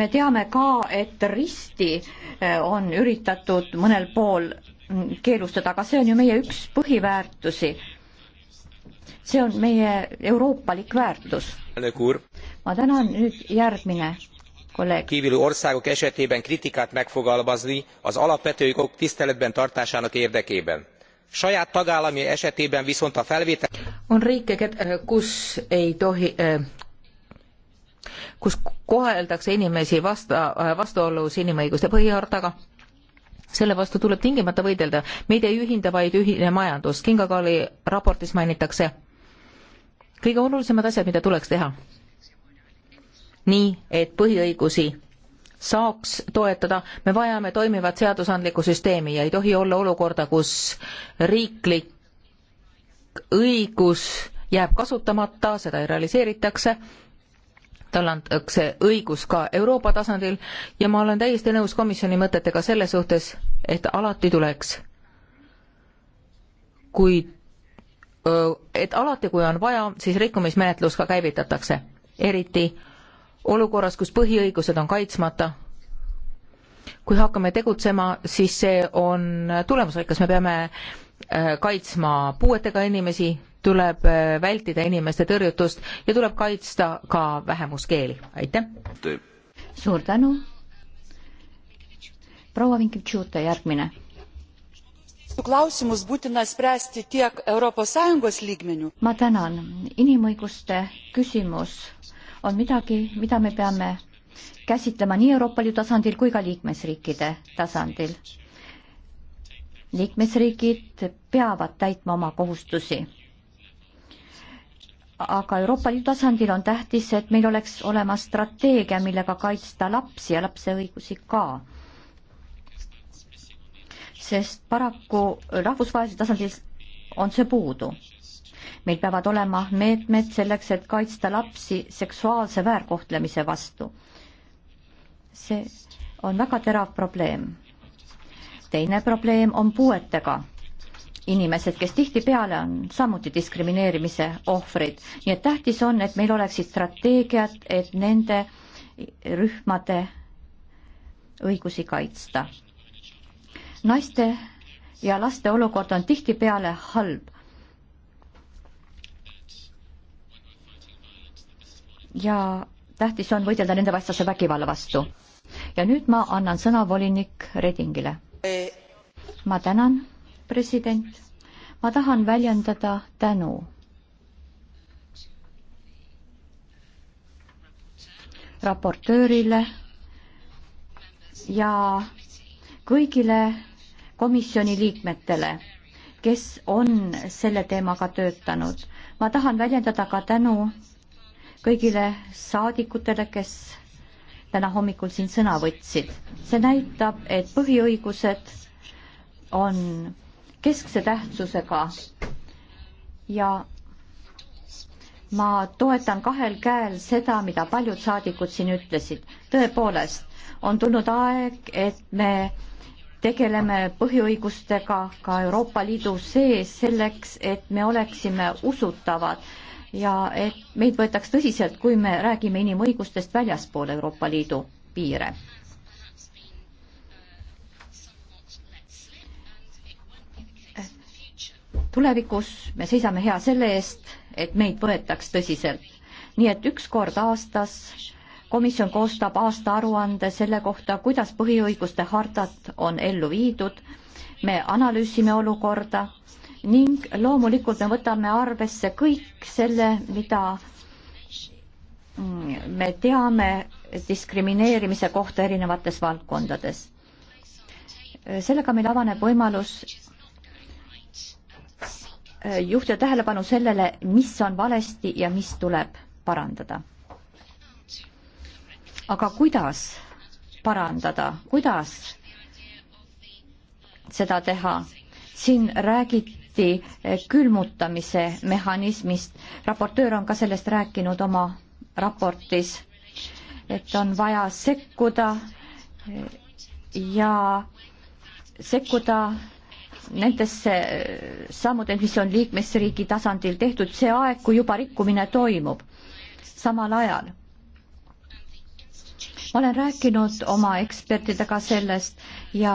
me teame ka, et risti eh, on üritatud mõnel pool keelustada, aga see on ju meie üks põhiväärtusi see on meie euroopalik väärtus. ma tänan nüüd järgmine kolleeg. kívüli országok esetében kritikát megfogalmazni az alapvető jogok tiszteletben tartásának érdekében saját tagállami esetében viszont a felvétel... On riike, eh, kus ei tohi, eh, kus koheldakse inimesi vasta, eh, vastuolus inimõiguste põhihartaga selle vastu tuleb tingimata võidelda. meid ei ühinda vaid ühine majandus. Kingakaali raportis mainitakse kõige olulisemad asjad, mida tuleks teha. nii, et põhiõigusi saaks toetada, me vajame toimivat seadusandlikku süsteemi ja ei tohi olla olukorda, kus riiklik õigus jääb kasutamata, seda ei realiseeritakse talle antakse õigus ka Euroopa tasandil ja ma olen täiesti nõus komisjoni mõtetega selle suhtes, et alati tuleks, kui, et alati, kui on vaja, siis rikkumismenetlus ka käivitatakse, eriti olukorras, kus põhiõigused on kaitsmata. kui hakkame tegutsema, siis see on tulemusrikas, me peame kaitsma puuetega inimesi, tuleb äh, vältida inimeste tõrjutust ja tuleb kaitsta ka vähemuskeeli, aitäh! suur tänu! proua Vinkivtšiuta, järgmine. klausimus Putina spręsti tiek Euroopa Sąjungos lygmenių. ma tänan, inimõiguste küsimus on midagi, mida me peame käsitlema nii Euroopa Liidu tasandil kui ka liikmesriikide tasandil. liikmesriigid peavad täitma oma kohustusi aga Euroopa Liidu tasandil on tähtis, et meil oleks olemas strateegia, millega kaitsta lapsi ja lapse õigusi ka. sest paraku rahvusvahelisel tasandil on see puudu. meil peavad olema meetmed selleks, et kaitsta lapsi seksuaalse väärkohtlemise vastu. see on väga terav probleem. teine probleem on puuetega inimesed, kes tihtipeale on samuti diskrimineerimise ohvrid. nii et tähtis on, et meil oleksid strateegiad, et nende rühmade õigusi kaitsta. naiste ja laste olukord on tihtipeale halb. ja tähtis on võidelda nendevastase vägivalla vastu. ja nüüd ma annan sõna volinik Redingile. ma tänan president, ma tahan väljendada tänu raportöörile ja kõigile komisjoni liikmetele, kes on selle teemaga töötanud. ma tahan väljendada ka tänu kõigile saadikutele, kes täna hommikul siin sõna võtsid. see näitab, et põhiõigused on keskse tähtsusega ja ma toetan kahel käel seda, mida paljud saadikud siin ütlesid. tõepoolest, on tulnud aeg, et me tegeleme põhiõigustega ka Euroopa Liidu sees selleks, et me oleksime usutavad ja et meid võetaks tõsiselt, kui me räägime inimõigustest väljaspool Euroopa Liidu piire tulevikus me seisame hea selle eest, et meid võetaks tõsiselt. nii et üks kord aastas komisjon koostab aastaaruande selle kohta, kuidas põhiõiguste hartat on ellu viidud. me analüüsime olukorda ning loomulikult me võtame arvesse kõik selle, mida me teame diskrimineerimise kohta erinevates valdkondades. sellega meil avaneb võimalus Äh, juhtida tähelepanu sellele, mis on valesti ja mis tuleb parandada. aga kuidas parandada, kuidas seda teha? siin räägiti äh, külmutamise mehhanismist, raportöör on ka sellest rääkinud oma raportis, et on vaja sekkuda äh, ja sekkuda nendesse sammude, mis on liikmesriigi tasandil tehtud, see aeg, kui juba rikkumine toimub samal ajal. ma olen rääkinud oma ekspertidega sellest ja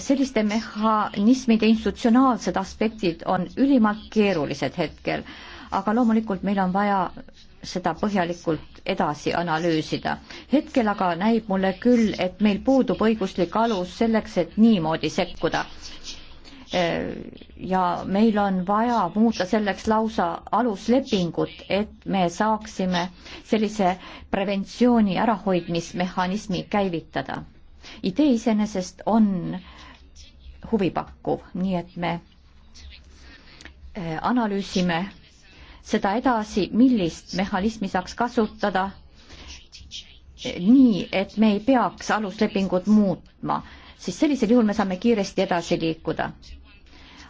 selliste mehhanismide institutsionaalsed aspektid on ülimalt keerulised hetkel, aga loomulikult meil on vaja seda põhjalikult edasi analüüsida. hetkel aga näib mulle küll, et meil puudub õiguslik alus selleks, et niimoodi sekkuda ja meil on vaja muuta selleks lausa aluslepingut, et me saaksime sellise preventsiooni ärahoidmismehhanismi käivitada. idee iseenesest on huvipakkuv, nii et me äh, analüüsime seda edasi, millist mehhanismi saaks kasutada nii, et me ei peaks aluslepingut muutma, siis sellisel juhul me saame kiiresti edasi liikuda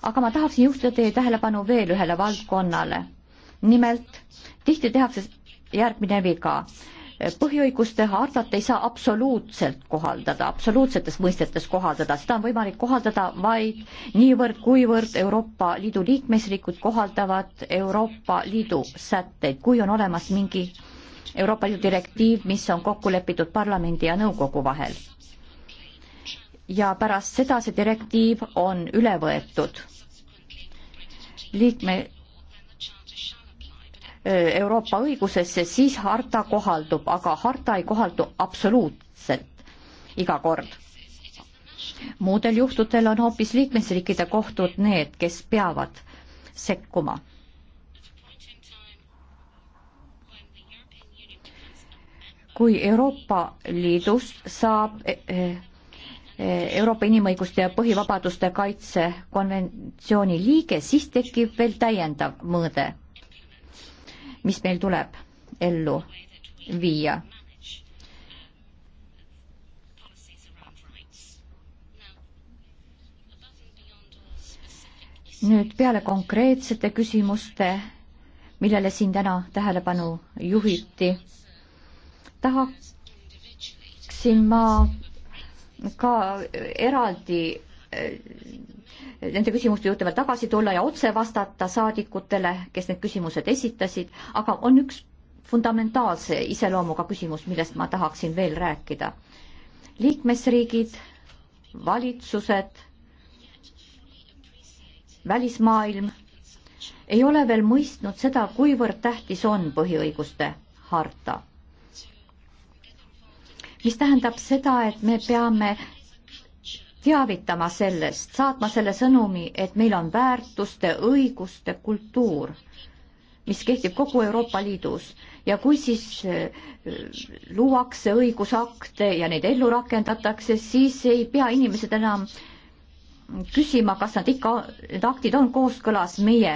aga ma tahaksin juhtida teie tähelepanu veel ühele valdkonnale. nimelt, tihti tehakse järgmine viga. põhiõiguste hartat ei saa absoluutselt kohaldada, absoluutsetes mõistetes kohaldada, seda on võimalik kohaldada vaid niivõrd, kuivõrd Euroopa Liidu liikmesriikud kohaldavad Euroopa Liidu sätteid, kui on olemas mingi Euroopa Liidu direktiiv, mis on kokku lepitud parlamendi ja nõukogu vahel ja pärast seda see direktiiv on üle võetud. liikme Euroopa õigusesse, siis harta kohaldub, aga harta ei kohaldu absoluutselt iga kord. muudel juhtudel on hoopis liikmesriikide kohtud need, kes peavad sekkuma. kui Euroopa Liidust saab Euroopa Inimõiguste ja Põhivabaduste Kaitse konventsiooni liige, siis tekib veel täiendav mõõde, mis meil tuleb ellu viia. nüüd peale konkreetsete küsimuste, millele siin täna tähelepanu juhiti, tahaksin ma ka eraldi nende küsimuste juurde veel tagasi tulla ja otse vastata saadikutele, kes need küsimused esitasid, aga on üks fundamentaalse iseloomuga küsimus, millest ma tahaksin veel rääkida. liikmesriigid, valitsused, välismaailm ei ole veel mõistnud seda, kuivõrd tähtis on põhiõiguste harta mis tähendab seda, et me peame teavitama sellest, saatma selle sõnumi, et meil on väärtuste, õiguste kultuur, mis kehtib kogu Euroopa Liidus ja kui siis äh, luuakse õigusakte ja neid ellu rakendatakse, siis ei pea inimesed enam küsima, kas nad ikka, need aktid on kooskõlas meie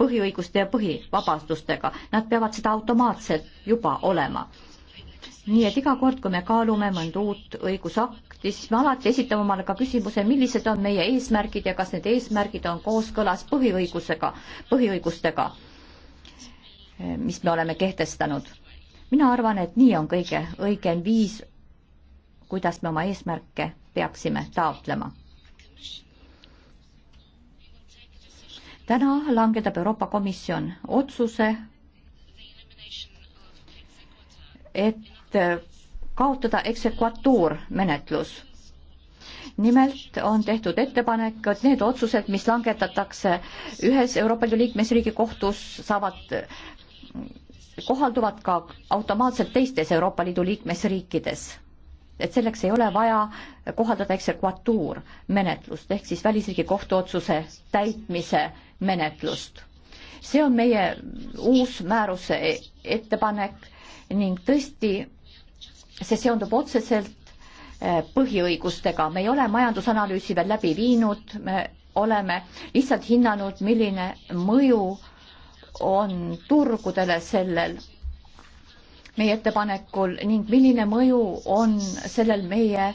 põhiõiguste ja põhivabadustega, nad peavad seda automaatselt juba olema nii et iga kord, kui me kaalume mõnda uut õigusakti, siis me alati esitame omale ka küsimuse, millised on meie eesmärgid ja kas need eesmärgid on kooskõlas põhiõigusega, põhiõigustega, eh, mis me oleme kehtestanud. mina arvan, et nii on kõige õigem viis, kuidas me oma eesmärke peaksime taotlema. täna langetab Euroopa Komisjon otsuse, et kaotada eksekvatuurmenetlus. nimelt on tehtud ettepanek, et need otsused, mis langetatakse ühes Euroopa Liidu liikmesriigi kohtus, saavad, kohalduvad ka automaatselt teistes Euroopa Liidu liikmesriikides et selleks ei ole vaja kohaldada eksekvatuurmenetlust ehk siis välisriigi kohtuotsuse täitmise menetlust. see on meie uus määruse ettepanek ning tõesti see seondub otseselt eh, põhiõigustega, me ei ole majandusanalüüsi veel läbi viinud, me oleme lihtsalt hinnanud, milline mõju on turgudele sellel meie ettepanekul ning milline mõju on sellel meie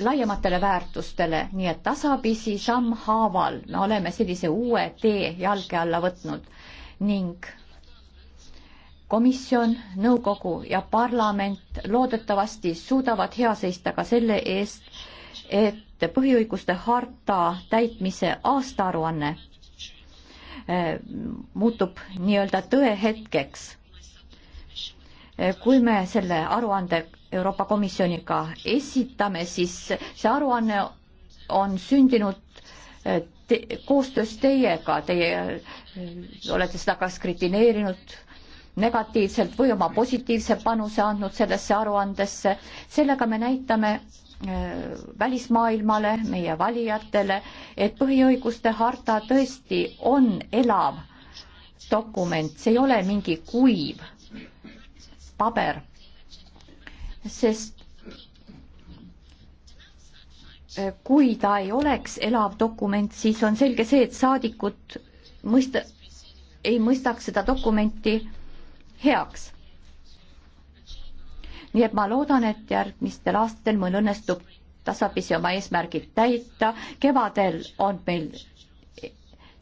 laiematele väärtustele, nii et tasapisi sammhaaval me oleme sellise uue tee jalge alla võtnud ning komisjon, nõukogu ja parlament loodetavasti suudavad hea seista ka selle eest, et põhiõiguste harta täitmise aastaaruanne eh, muutub nii-öelda tõehetkeks. Eh, kui me selle aruande Euroopa Komisjoniga esitame, siis see aruanne on sündinud eh, te koostöös teiega, teie olete seda kas kritineerinud negatiivselt või oma positiivse panuse andnud sellesse aruandesse. sellega me näitame äh, välismaailmale, meie valijatele, et põhiõiguste harta tõesti on elav dokument, see ei ole mingi kuiv paber, sest äh, kui ta ei oleks elav dokument, siis on selge see, et saadikud mõista, ei mõistaks seda dokumenti heaks. nii et ma loodan, et järgmistel aastatel mul õnnestub tasapisi oma eesmärgid täita. kevadel on meil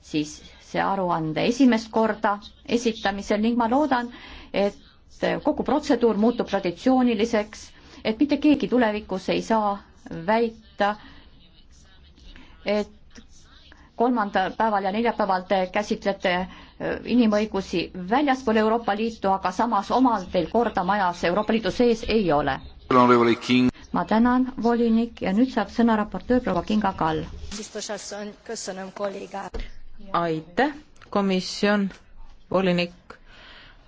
siis see aruande esimest korda esitamisel ning ma loodan, et kogu protseduur muutub traditsiooniliseks, et mitte keegi tulevikus ei saa väita, et kolmandal päeval ja neljapäeval te käsitlete inimõigusi väljaspool Euroopa Liitu, aga samas omal teil korda majas Euroopa Liidu sees ei ole. ma tänan, volinik, ja nüüd saab sõna raportöör proua Kinga Kall. aitäh, komisjon, volinik,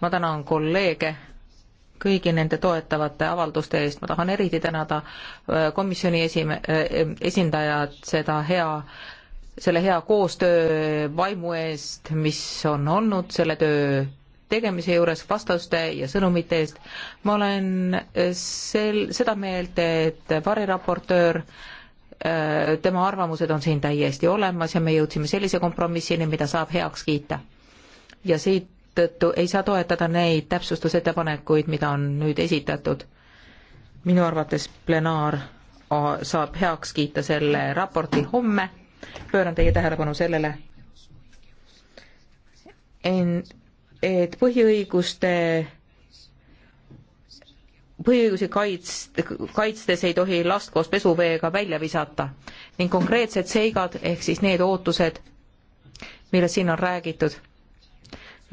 ma tänan kolleege kõigi nende toetavate avalduste eest, ma tahan eriti tänada äh, komisjoni esime-, äh, esindajat, seda hea selle hea koostöö vaimu eest, mis on olnud selle töö tegemise juures, vastuste ja sõnumite eest. ma olen eh, sel-, seda meelt, et variraportöör eh, tema arvamused on siin täiesti olemas ja me jõudsime sellise kompromissini, mida saab heaks kiita. ja seetõttu ei saa toetada neid täpsustusettepanekuid, mida on nüüd esitatud. minu arvates plenaar saab heaks kiita selle raporti homme pööran teie tähelepanu sellele, et põhiõiguste, põhiõigusi kaitst-, kaitstes ei tohi last koos pesuveega välja visata ning konkreetsed seigad ehk siis need ootused, millest siin on räägitud,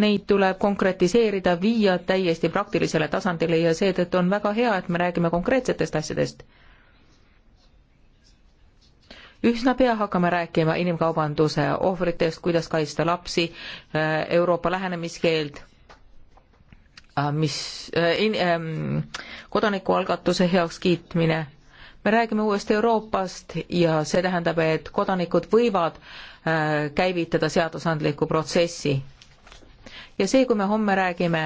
neid tuleb konkretiseerida, viia täiesti praktilisele tasandile ja seetõttu on väga hea, et me räägime konkreetsetest asjadest üsna pea hakkame rääkima inimkaubanduse ohvritest, kuidas kaitsta lapsi, äh, Euroopa lähenemiskeeld, äh, mis äh, in, ähm, kodanikualgatuse heakskiitmine, me räägime uuest Euroopast ja see tähendab, et kodanikud võivad äh, käivitada seadusandliku protsessi. ja see, kui me homme räägime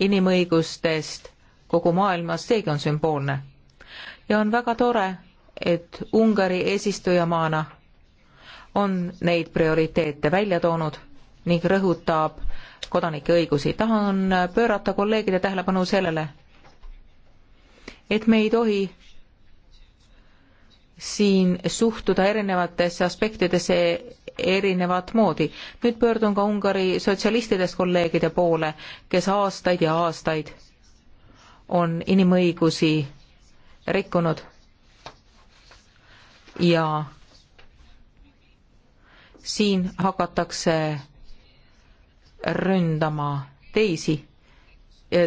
inimõigustest kogu maailmas, seegi on sümboolne. ja on väga tore, et Ungari eesistujamaana on neid prioriteete välja toonud ning rõhutab kodanike õigusi. tahan pöörata kolleegide tähelepanu sellele, et me ei tohi siin suhtuda erinevatesse aspektidesse erinevat moodi. nüüd pöördun ka Ungari sotsialistidest kolleegide poole, kes aastaid ja aastaid on inimõigusi rikkunud ja siin hakatakse ründama teisi,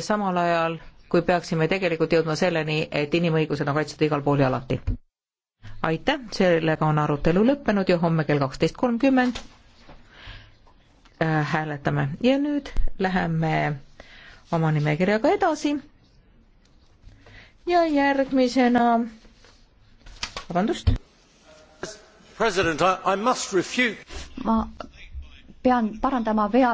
samal ajal kui peaksime tegelikult jõudma selleni, et inimõigused on kaitstud igal pool ja alati. aitäh, sellega on arutelu lõppenud ja homme kell kaksteist kolmkümmend äh, hääletame ja nüüd läheme oma nimekirjaga edasi. ja järgmisena, vabandust ma pean parandama vea,